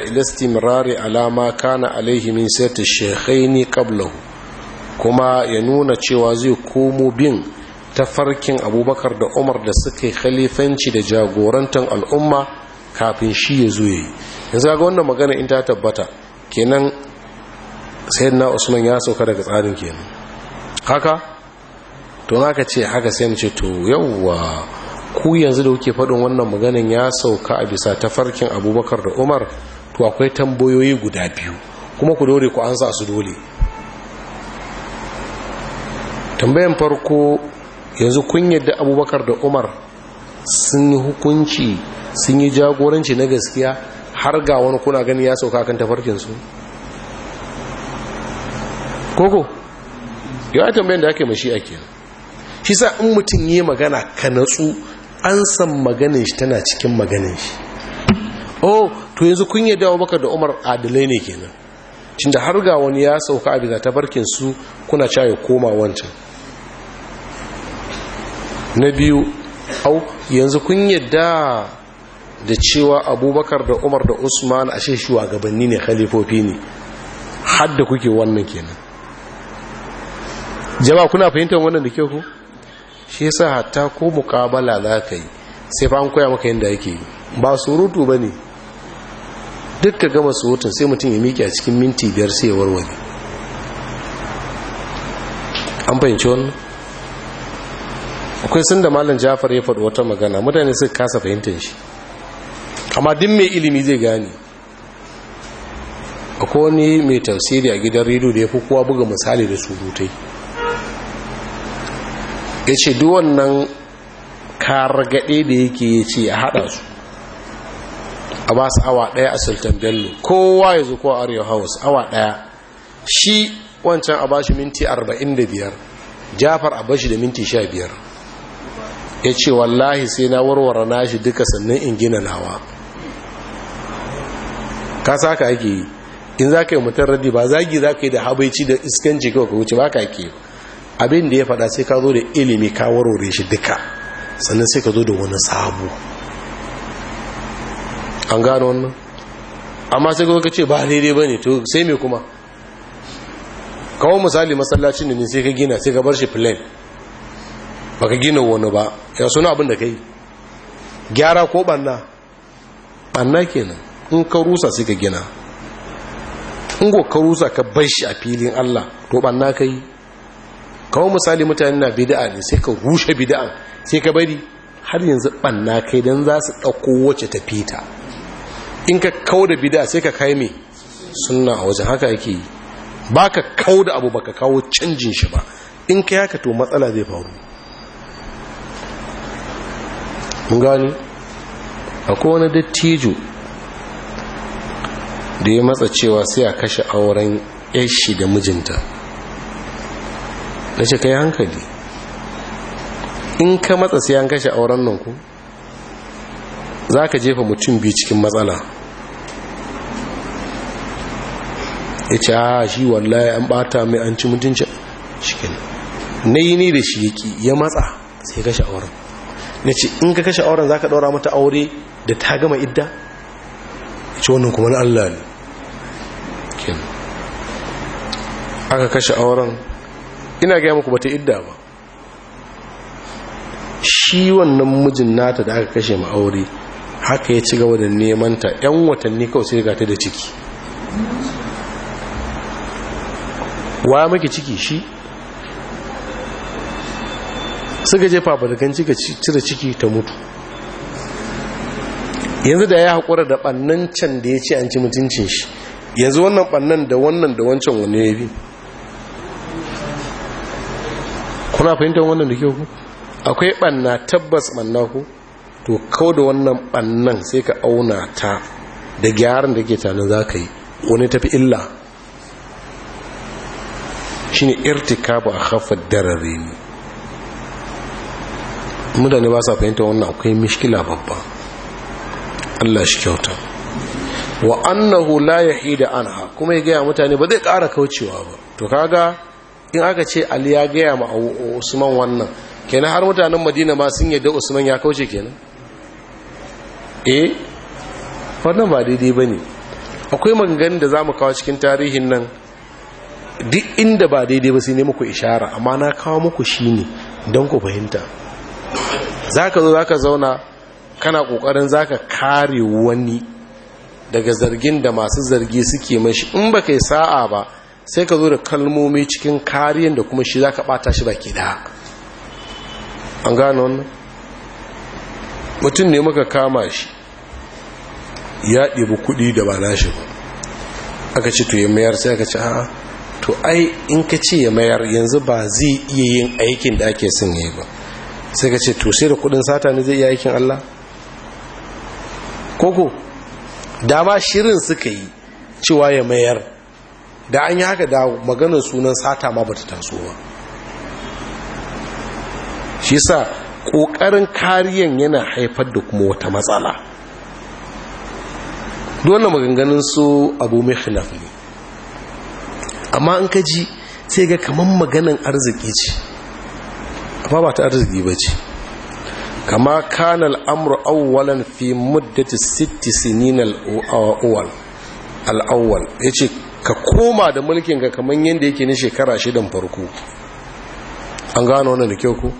alama kana alaihi min sai ta shekhaini qablahu kuma ya nuna cewa zai komo bin Tafarkin abubakar da umar da suka yi khalifanci da jagorantar al'umma kafin shi ya zo yi yanzu ga wannan magana in ta tabbata kenan sayyidina usman ya sauka daga tsarin kenan haka to naka ce haka sai mu ce to yawwa ku yanzu da kuke faɗin wannan maganan ya sauka a bisa tafarkin abubakar da umar to akwai tambayoyi guda biyu kuma ku dore ku an sa su dole tambayan farko yanzu kun yadda abubakar da umar sun yi hukunci sun yi jagoranci na gaskiya har ga wani kuna gani ya sauka kan tafarkinsu koko yawa tambayin da ake mashi ake shi sa in mutum yi magana ka natsu an san maganin shi tana cikin maganin shi oh to yanzu kun yadda abubakar da umar adalai ne kenan cinda har ga wani ya sauka a bisa tafarkinsu kuna ya koma wancan na biyu au yanzu kun yadda da cewa abubakar da umar da usman a ashe shugabanni ne khalifofi ne hadda kuke wannan kenan jama'a kuna fahimtar wannan da ke ku shi yasa hatta ko muƙabala za ka yi sai fa an koya maka yadda yake yi ba surutu ba ne duk ka gama surutun sai mutum ya miƙe a cikin minti biyar sai ya warware an fahimci wannan akwai sun da malam jafar ya faɗi wata magana mutane sai kasa fahimtar shi amma duk mai ilimi zai gane akwai wani mai tafsiri a gidan rediyo da ya fi kowa buga misali da surutai ya ce duwannan kargaɗe da yake ya ce a haɗa su a ba su awa ɗaya a sultan bello kowa ya zo kowa arewa house awa ɗaya shi wancan a ba shi minti 45 jafar a ba shi da minti 15 ya ce wallahi sai na warware nashi duka sannan in gina nawa ka sa ka ake yi in za ka yi mutum radi ba zagi za ka yi da habaici da iskanci kawai ka wuce ba ka ake abin da ya faɗa sai ka zo da ilimi ka warware shi duka sannan sai ka zo da wani sabu an gano wannan amma sai ka ce ba daidai ba ne to sai me kuma kawo misali masallacin da ne sai ka gina sai ka bar shi plane baka gina wani ba ya suna abin da kai gyara ko banna banna kenan in ka rusa sai ka gina in go ka rusa ka bar shi a filin Allah to banna kai kawo misali mutane na bid'a ne sai ka rushe bid'a sai ka bari har yanzu banna kai dan za su dauko wace ta fita in ka kawo da bid'a sai ka kai me sunna a wajen haka yake yi baka kawo da abu baka kawo canjin shi ba in ka haka to matsala zai faru gani akwai wani dattijo da ya matsa cewa sai a kashe auren yashi da mijinta na ce yi hankali in ka matsa sai an kashe auren nan ku za ka jefa mutum biyu cikin matsala ya ce a ah, shi wallaye an bata mai an ci mutunci ne na yi ni da shi yaki ya matsa sai kashe auren na ce in ka kashe auren za ka ɗaura mata aure da ta gama idda ya ce wannan kuma na allah ne aka kashe auren ina gaya muku bata idda ba shi wannan mijin nata da aka kashe ma aure haka ya ci gaba da neman ta yan watanni kawai sai ga ta da ciki Wa maki ciki shi suka je ganci ka cire ciki ta mutu yanzu da ya haƙura da ɓannan can da ya ce an ci mutuncin shi yanzu wannan ɓannan da wannan da wancan wani ya bi kuna fahimtar wannan da kyau akwai ɓanna tabbas ɓanna ku to kawo da wannan ɓannan sai ka auna ta da gyaran da ke tanin za ka yi wani tafi illa shi ne irtika ba a hafa darare ne mutane ba sa fahimta wannan akwai mishkila babba Allah shi kyauta wa annahu la yahida anha kuma ya gaya mutane ba zai ƙara kaucewa ba to kaga in aka ce ali ya gaya ma usman wannan kenan har mutanen madina ma sun yadda usman ya kauce kenan eh wannan ba daidai ba akwai maganganun da zamu kawo cikin tarihin nan duk inda ba daidai ba sai ne muku ishara amma na kawo muku shine ne don ku fahimta za ka zo za ka zauna kana kokarin za ka kare wani daga zargin da masu zargi suke mashi in ba kai sa'a ba sai ka zo da kalmomi cikin kariyan da kuma shi za ka ɓata shi baki da an gano wannan mutum ne muka kama shi ya ɗebi kuɗi da ba nashi ba aka ce to ya mayar sai aka ce a to ai in ka ce ya mayar yanzu ba zai iya yin aikin da ake son yi ba sai ka ce tushe da kudin sata ne zai iya aikin Allah koko dama shirin suka yi cewa ya mayar da an yi haka da maganin sunan sata ma bata taso ba shi sa ƙoƙarin kariyan yana haifar da kuma wata matsala dole maganganun su abu mihnaf ne amma in ka ji sai ga kamar maganin arziki ce amma ba ta arziki ba ce kama kana al'amur awwalan fi muddati sitti sinin al'awwal ya ce ka koma da mulkin ga kamar yadda yake ne shekara shidan farko an gano wani da kyau ku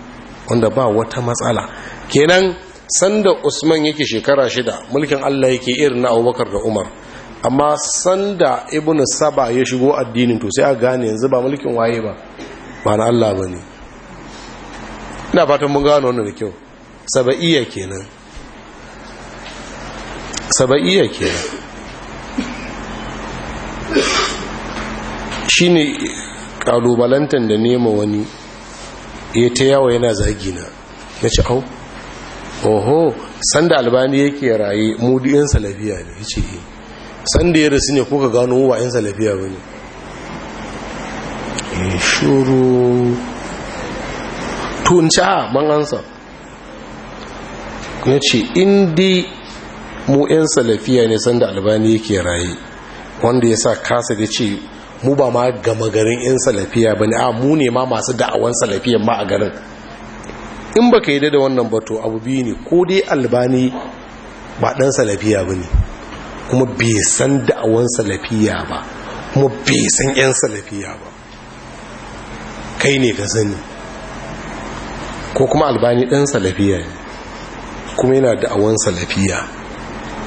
wanda ba wata matsala kenan sanda usman yake shekara shida mulkin allah yake irin na abubakar da umar amma sanda ibn saba ya shigo addinin to sai a gane yanzu ba mulkin waye ba ba na allah ba ne na fatan mun gano wannan da kyau saba'iyya kenan saba'iyya kenan shine kalubalantan da nema wani ya ta yawa yana zagina na ce au oho sanda albani yake raye mudu yan salafiya ne ya ce eh, sanda ya rasu ne kuka gano wa yan salafiya ba ne shuru tunca ban ansa ya ce indi mu 'yan salafiya ne sanda albani yake raye wanda ya sa kasa da ce mu ba ma gama garin 'yan salafiya ba ne a mu ne ma masu da'awan salafiya ma a garin in ba ka yi da wannan bato abu biyu ne ko dai albani ba dan salafiya ba ne kuma bai san da'awan salafiya ba kuma bai san 'yan salafiya ba kai ne ka sani ko kuma albani ɗan salafiya ne kuma yana da'awan salafiya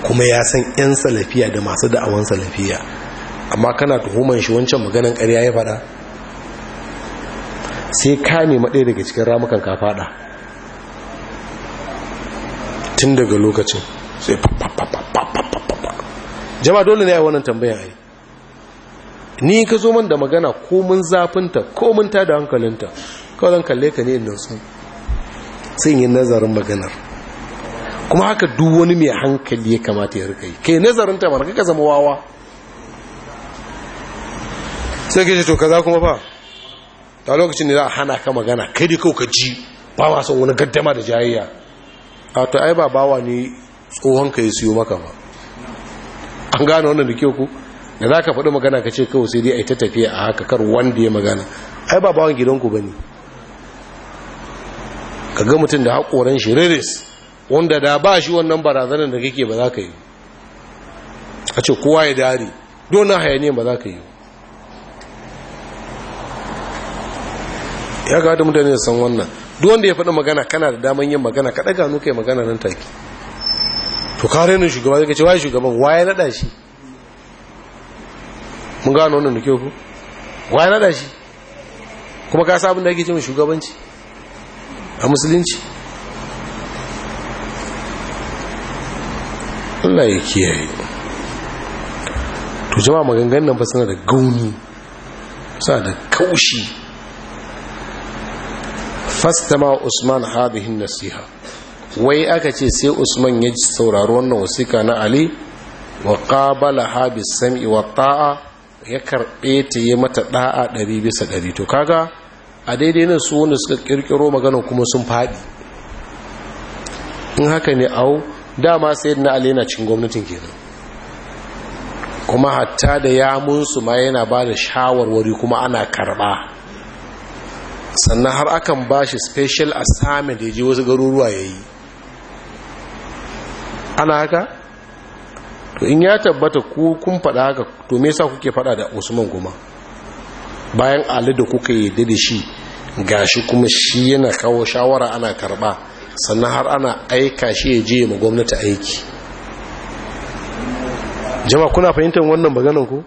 kuma ya san 'yan salafiya da masu da'awan salafiya amma kana tuhuman shi wancan maganan ƙarya ya faɗa sai ka nema ɗaya daga cikin ramukan ka faɗa tun daga lokacin sai jama a wannan ni ka zo man da magana ta da ta, kawai kalle ka ne sai yi nazarin maganar kuma haka duk wani mai hankali ya kamata ya rikai ke kai nazarin ta barka ka zama wawa sai ka ce to ka za kuma ba ta lokacin ne za a hana ka magana kai da ka ji ba ma wani gaddama da jayayya a to ai ba bawa ne tsohon ka ya siyo maka ba an gane wannan da kyau ku da za ka faɗi magana ka ce kawai sai dai a yi ta tafiya a haka kar wanda ya magana ai ba bawan gidanku ba ne ka ga mutum da haƙoran shi wanda da ba shi wannan barazanar da kake ba za ka yi a ce kowa ya dare donin hayaniyan ba za ka yi ya ga mutane da san wannan duk wanda ya faɗi magana kana da daman yin magana ka ɗaga nuka yi magana nan take to kare ne shugaba zai ka ce waye shugaban waye naɗa shi mun gano wannan da kyau ku waye naɗa shi kuma ka sa abin da ake ce mai shugabanci a musulunci Allah ya kiyaye to jama'a maganganun nan ba suna da gauni suna da kaushi fastama usman hadihin nasiha wai aka ce sai usman ya sauraro wannan wasika na ali wa qabala habis sam'i wa ta'a ya karɓe ta yi mata da'a 200 bisa 100 to kaga a daidai nan su wanda suka kirkiro magana kuma sun faɗi in haka ne au dama sai na ali cin cikin gwamnatin kenan kuma hatta da yamunsu ma yana ba da shawarwari kuma ana karɓa sannan har akan ba shi special assignment ya je wasu garuruwa ya yi ana haka to in ya tabbata ku kun faɗa haka to me yasa kuke faɗa da usman kuma bayan ali da kuka yi da shi gashi kuma shi yana kawo shawara ana karba sannan har ana aika shi ya je ma gwamnati aiki jama kuna fahimtar wannan maganan ku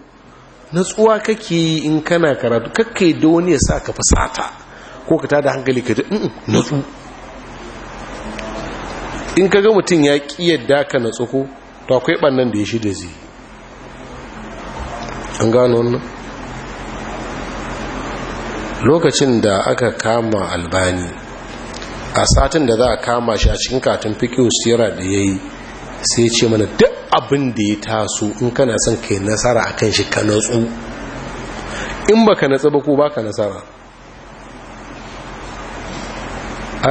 natsuwa kake yi in kana karatu kake da wani ya sa ka fusata ko ka tada hankali ka na natsu in ka ga mutum ya ƙi yadda ka natsu ko to akwai ɓannan da ya shi da zai an gano wannan lokacin da aka kama albani a satin da za a kama shi a cikin katin fikiyu sira da ya yi sai ce mana duk abin da ya taso in kana son ka yi nasara a kan shi ka natsu in ba ka natsu ba ko ba ka nasara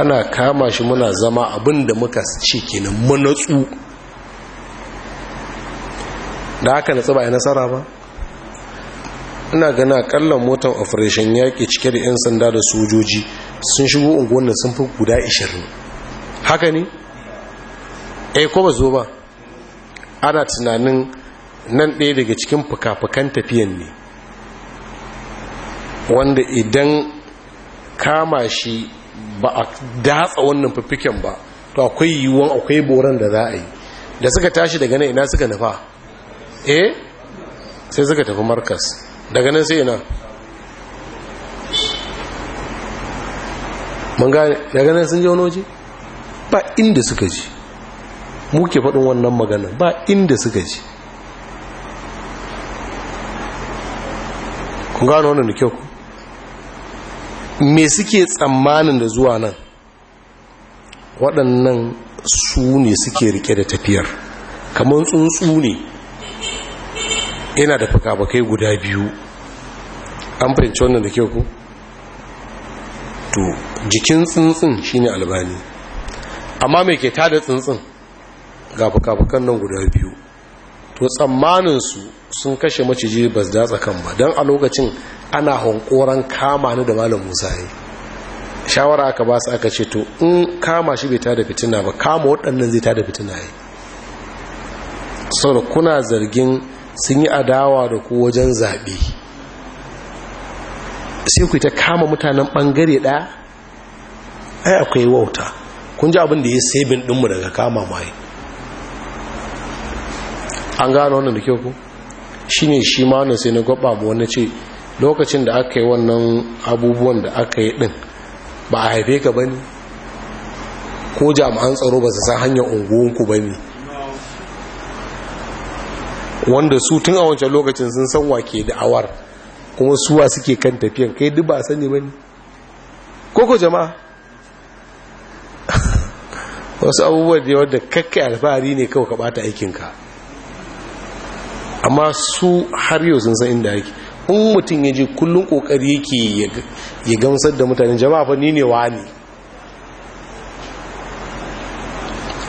ana kama shi muna zama abin da muka ce kenan mu natsu da aka natsu ba ya nasara ba ina gana akalla motar operation yaƙi cike da 'yan sanda da sojoji sun shigo unguwannin sun fi guda 20 haka ne? eh ko ba zo ba ana tunanin nan ɗaya daga cikin fuka-fukan tafiyan ne wanda idan kama shi ba a datsa wannan fifiken ba to akwai yiwuwan akwai boran da za a yi da suka tashi daga nan ina suka nufa eh sai suka tafi markas daga nan sai na mun gane daga nan sun je wani waje ba inda suka ji muke faɗin wannan magana ba inda suka ji kun gano wannan da kyau ku me suke tsammanin da zuwa nan waɗannan su ne suke rike da tafiyar kamar tsuntsu ne yana da fuka-fukai guda biyu an fahimci wannan da kyau ku to jikin tsuntsun shine albani amma mai ke tada tsuntsun ga fuka-fukan nan guda biyu to tsammaninsu sun kashe maciji ba su datsa kan ba don a lokacin ana hankoran kama ni da malam musa yi shawara aka ba su aka ce to in kama shi bai tada fitina ba kama waɗannan zai tada fitina yi sau da kuna zargin sun yi adawa da ku wajen zaɓe sai ku ta kama mutanen ɓangare ɗaya ai akwai wauta kun ji abin da ya sabin ɗinmu daga kama mai an gano wannan da kyau ku shi ne shi ma sai na gwaba mu wani ce lokacin da aka yi wannan abubuwan da aka yi ɗin ba a haife ka ba ne ko jami'an tsaro ba su san hanyar unguwanku ba ne wanda su tun a wancan lokacin sun san wake awar kuma suwa suke kan tafiyan kai duba ba a sani ba ne koko jama'a wasu abubuwan da da kakka alfahari ne kawai ka bata aikinka amma su har yau sun san inda yake in mutum ya je kullum kokari yake ya gamsar da mutane jama'a fa ni ne wa ne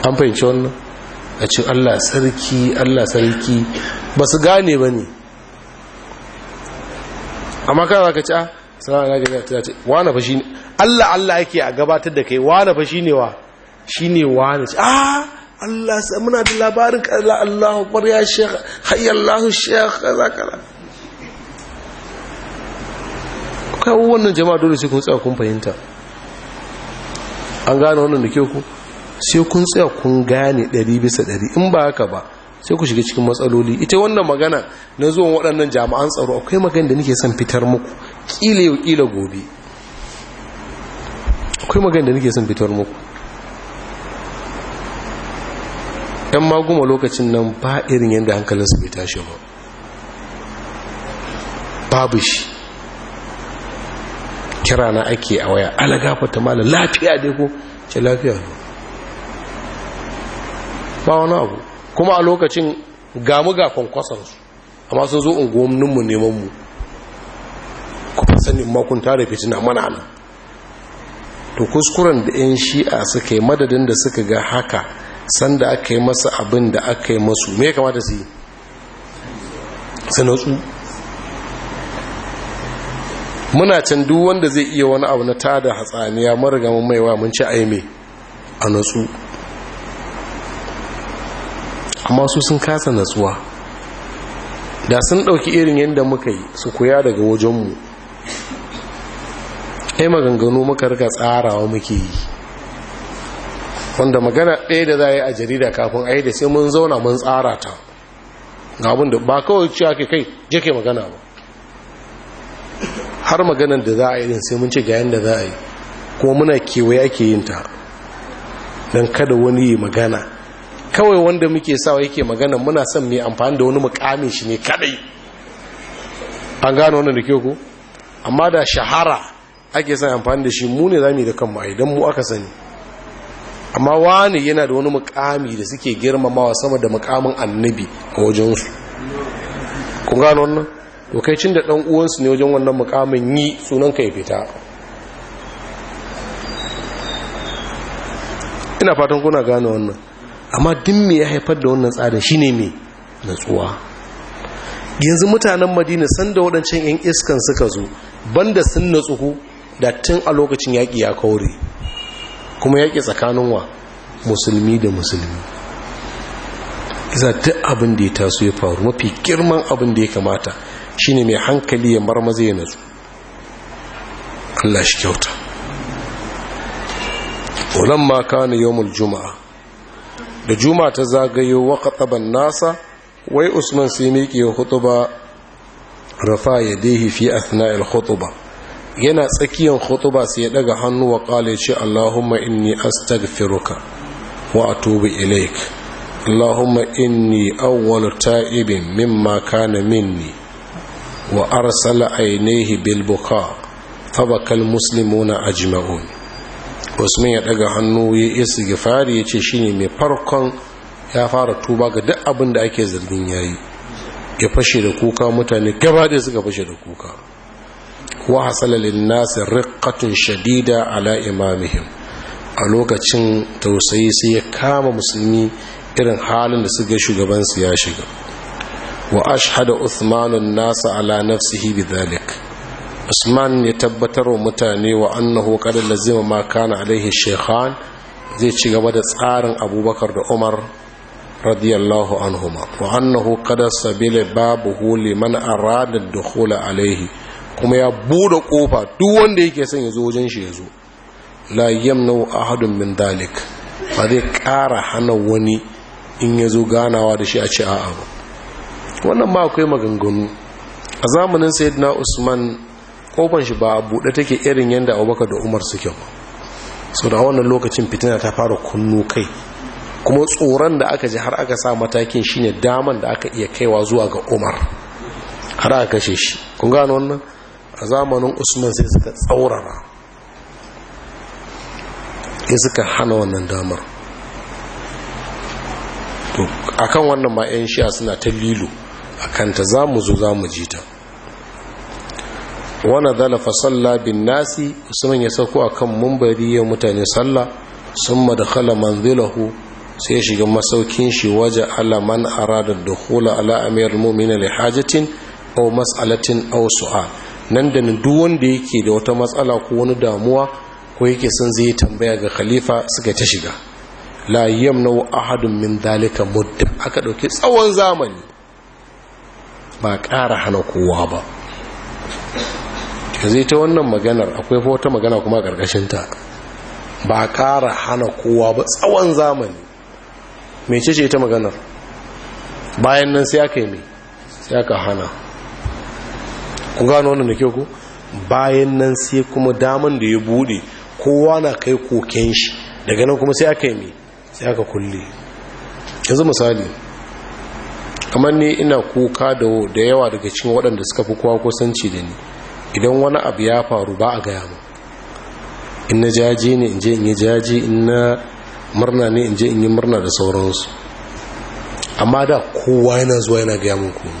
an fahimci wannan a ce allah sarki allah sarki ba su gane ba ne amma kan za ka ci a sana na gani ta ce wane fa shi ne allah allah yake a gabatar da kai wane fa shi ne wa shi ne wane ci a ah, allah muna da labarin kala allah bar ya shekha hayyallahu shekha za ka kawo wannan jama'a dole sai kun tsaya kun fahimta an gane wannan da ke ku sai kun tsaya kun gane ɗari bisa ɗari in ba haka ba sai ku shiga cikin matsaloli ita wannan magana na zuwan waɗannan jami'an tsaro akwai magana da nake son fitar muku ƙila yau ƙila gobe akwai magana da nake son fitar muku ɗan maguma lokacin nan ba irin yadda hankalinsu bai tashi ba babu shi kira na ake a waya ala ta mala lafiya dai ko ce lafiya ne ba wani abu kuma a lokacin gamu ga kwankwasansu amma sun zo unguwanninmu neman mu ku fi makunta da fitina mana nan to kuskuren da 'yan shi'a suka yi madadin da suka ga haka sanda aka yi masa abin da aka yi masu me kamata su yi sanatsu muna can duk wanda zai iya wani abu na tada hatsaniya gama maiwa mun ci aime a natsu amma su sun kasa natsuwa da sun ɗauki irin yadda muka yi su koya daga wajenmu ai maganganu muka rika tsarawa muke yi wanda magana ɗaya da za a yi a jarida kafin a yi da sai mun zauna mun tsara ta ga abin da ba kawai cewa ke kai je magana ba har maganar da za a yi sai mun ce ga yadda za a yi kuma muna kewaye ake yin ta don kada wani yi magana kawai wanda muke sawa yake magana muna son mai amfani da wani mukamin shi ne kadai an gano wannan da ke ku amma da shahara ake son amfani da shi mu ne zamu da kanmu ai mu aka sani amma wani yana da wani mukami da suke girmamawa sama da mukamin annabi a wajensu kun gano wannan lokacin da dan uwansu ne wajen wannan mukamin yi sunan ka ya fita ina fatan kuna gano wannan amma duk me ya haifar da wannan tsarin shine mai natsuwa yanzu mutanen madina sanda waɗancan 'yan iskan suka zo banda sun natsuhu da tun a lokacin yaƙi ya kaure kuma yaƙi tsakanin wa musulmi da musulmi zata abin da ya taso ya faru mafi girman abin da ya kamata shine mai hankali ya marmaza ya natsu Allah shi kyauta ulamma kana yawmul juma'a da juma ta zagayo wa khataban nasa wai usman sai miƙe hutuba rafa yadihi fi athna'il hutuba yana tsakiyar hutuba sai ya daga hannu wa qala ce allahumma inni astaghfiruka wa atubu ilaik allahumma inni awwal ta'ibin mimma kana minni wa arsala ainihi bil buka fabakal muslimuna ajma'un usman ya daga hannu ya isa ya ce shine mai farkon ya fara tuba ga duk abin da ake zargin yayi ya fashe da kuka mutane gaba da suka fashe da kuka wa hasala lin nas shadida ala imamihim a lokacin tausayi sai ya kama musulmi irin halin da su suka shugabansu ya shiga wa ashhada usmanun nasa ala nafsihi bidhalik usman ya tabbatar wa mutane wa annahu qad lazima ma kana alaihi shekhan zai ci gaba da tsarin abubakar da umar radiyallahu anhuma wa annahu kada sabila babu huli man arada da alaihi kuma ya bude kofa duk wanda yake son ya zo wajen shi ya zo la yamna ahadun min dalik ba zai kara hana wani in ya zo ganawa da shi a ce a'a ba wannan ma akwai maganganu a zamanin sayyidina usman kofan shi ba a buɗe take irin yadda abubakar da umar suke ba so da wannan lokacin fitina ta fara kunnu kai kuma tsoron da aka ji har aka sa matakin shine daman da aka iya kaiwa zuwa ga umar har aka kashe shi kun gano wannan a zamanin usman sai suka tsaurara sai suka hana wannan damar akan wannan ma 'yan shi'a suna ta lilo a kanta za mu zo za mu ji ta wani zala fasalla bin nasi usman ya sauko a kan mumbari ya mutane sallah sun madakhala manzilahu sai ya shiga masaukin shi waje alaman arada da hula ala amir mumina li hajatin aw mas'alatin aw su'a nan da duk wanda yake da wata matsala ko wani damuwa ko yake son zai tambaya ga khalifa suka ta shiga la yamna ahadun min dalika mudda aka dauki tsawon zamani ba ƙara hana kowa ba zai ta wannan maganar akwai fa wata magana kuma a ta ba ƙara hana kowa ba tsawon zamani mai ce ta maganar bayan nan sai aka yi mai sai aka hana ku gano wannan da ke ku bayan nan sai kuma daman da ya buɗe kowa na kai koken shi daga nan kuma sai aka yi mai sai aka kulle yanzu misali kamar ne ina kuka da yawa daga cikin waɗanda suka fi kowa kusanci da ni idan wani abu ya faru ba a gaya mu in na jaji ne in je in yi jaji in na murna ne in je in yi murna da sauransu amma da kowa yana zuwa yana gaya mun kuma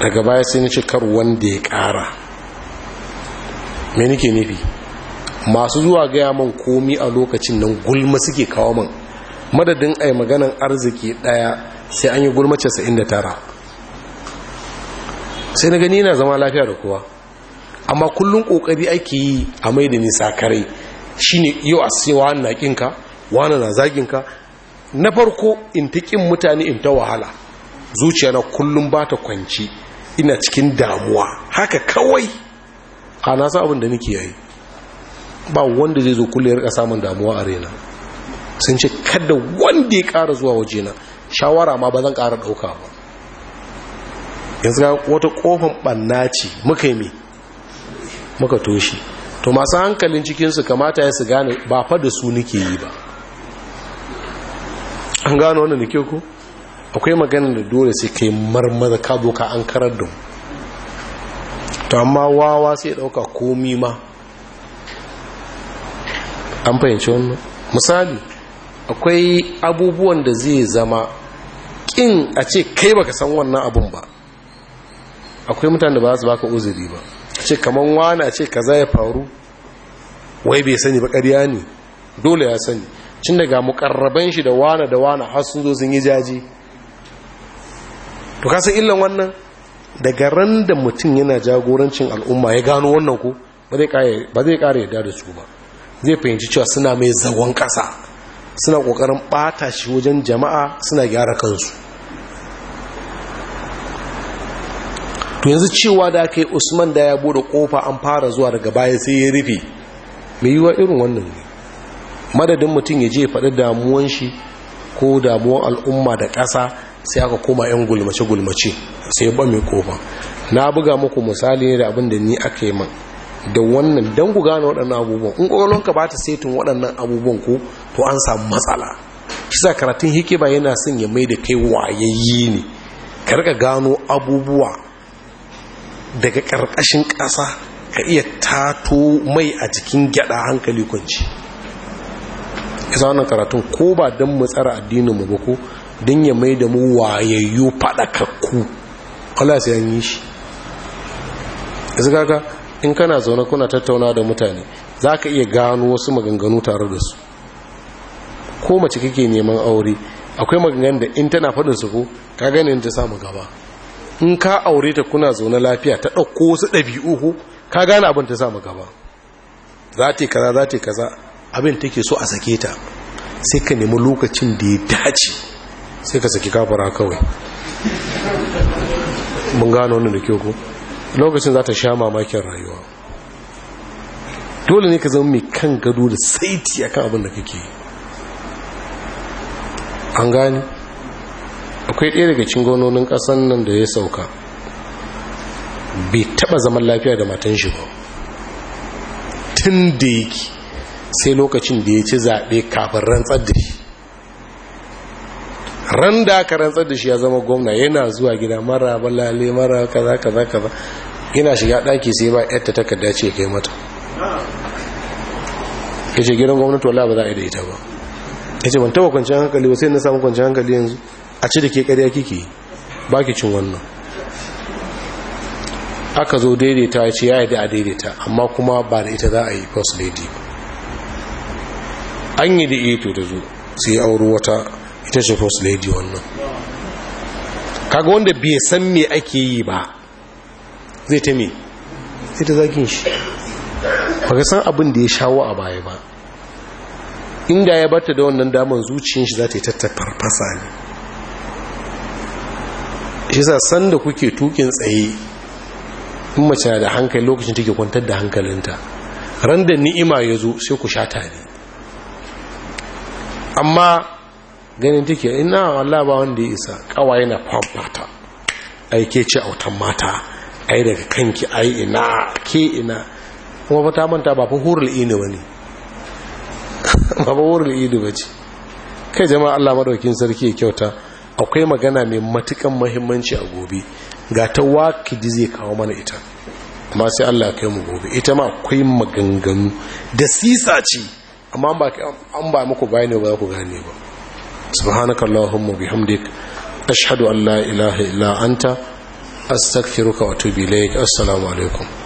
daga baya sai na ce wanda ya kara me nake nufi masu zuwa gaya mun komi a lokacin nan gulma suke kawo min madadin ai maganan arziki daya sai an yi gulma 99 sai na gani yana zama lafiya da kowa amma kullum kokari ake yi a mai da nisa kare shine yau a sai wani na kinka wani na zaginka na farko in ta kin mutane in ta wahala zuciya na kullum ba ta kwanci ina cikin damuwa haka kawai a na sa abin da nake yayi ba wanda zai zo kullum ya rika samun damuwa a rena sun ce kada wanda ya kara zuwa wajena shawara ma ba zan kara dauka ba yanzu ga wata kofan banna ce muka yi muka toshe to masu hankalin cikinsu kamata ya su gane ba fa da su nike yi ba an gano wanda nike ku akwai magana da dole sai kai marmada ka zo ka an karar da to amma wawa sai dauka komi ma an fahimci wannan misali akwai abubuwan da zai zama kin a ce kai baka san wannan abun ba akwai mutane da ba su baka uzuri ba ce kaman wani a ce kaza ya faru wai bai sani ba karya ne dole ya sani cin daga mukarraban shi da wana da wana har sun zo sun yi jaji to kasan illan wannan daga ran da mutum yana jagorancin al'umma ya gano wannan ko ba zai kare yadda da su ba zai fahimci cewa suna mai zagon ƙasa suna ƙoƙarin ɓata shi wajen jama'a suna gyara kansu to yanzu cewa da aka yi usman da ya bude kofa an fara zuwa daga baya sai ya rufe mai yiwa irin wannan ne madadin mutum ya je faɗi damuwan shi ko damuwan al'umma da ƙasa sai aka koma 'yan gulmace-gulmace sai ya mai kofa na buga muku misali ne da abin da ni aka yi man da wannan don ku gane waɗannan abubuwan in ka ba ta setin waɗannan abubuwan ko to an samu matsala kisa karatun hikima yana son ya mai da kai wayayyi ne ka rika gano abubuwa daga ƙarƙashin ƙasa ka iya tato mai a jikin gyada hankali kwanci isa wannan karatun ko ba don mu tsara addinin mu ba ko don ya mai da mu wayayyu faɗakakku Allah sai an yi shi yanzu gaga in kana zaune kuna tattauna da mutane za ka iya gano wasu maganganu tare da su ko mace kake neman aure akwai maganganu da in tana faɗin su ko ka gane ta samu gaba in ka aure ta kuna zaune lafiya ta ɗauko wasu ɗabi'u ka gane abin ta samu gaba za ta kaza za ta kaza abin ke so a sake ta sai ka nemi lokacin da ya dace sai ka sake kafara kawai mun gano wannan da kyau ko lokacin za ta sha mamakin rayuwa dole ne ka zama mai kan gado da saiti akan abin da kake an gani akwai ɗaya daga cin gononin ƙasan nan da ya sauka bai taɓa zaman lafiya da matan shi ba tun da yake sai lokacin da ya ci zaɓe kafin rantsar da shi ran da aka rantsar da shi ya zama gwamna yana zuwa gida mara balale mara kaza kaza kaza yana shiga ɗaki sai ba yadda takarda ce kai mata ya ce gidan gwamnati wala ba za a yi da ita ba ya ce ban taɓa kwanci hankali ba sai na samu kwanci hankali yanzu a ce da ke ƙarya kike ba ki cin wannan aka zo daidaita ya ce ya yi da a daidaita amma kuma ba da ita za a yi first lady an yi da ito eh da zo sai auru wata ita ce first lady wannan kaga wanda bai san me ake yi ba zai ta me zai ta zagin shi ka san abin da ya shawo a baya ba inda ya bata da wannan damar zuciyar shi za ta yi fasa ne shi sa sanda kuke tukin tsaye in mace da hankali lokacin take kwantar da hankalinta ran da ni'ima ya zo sai ku sha tare amma ganin take ina wallah ba wanda ya isa kawai na ai ke ce autan mata ai daga kanki ai ina ke ina kuma ba ta manta ba fa hurul ini wani ba ba hurul ini ce kai jama'a Allah madaukin sarki ya kyauta akwai magana mai matukan mahimmanci a gobe ga ta wakidi zai kawo mana ita amma sai Allah kai mu gobe ita ma akwai maganganu da sisa ce amma an ba muku bayani ba za ku gane ba subhanaka allahumma bihamdik ashhadu an la ilaha illa anta astaghfiruka wa atubu ilaik assalamu alaikum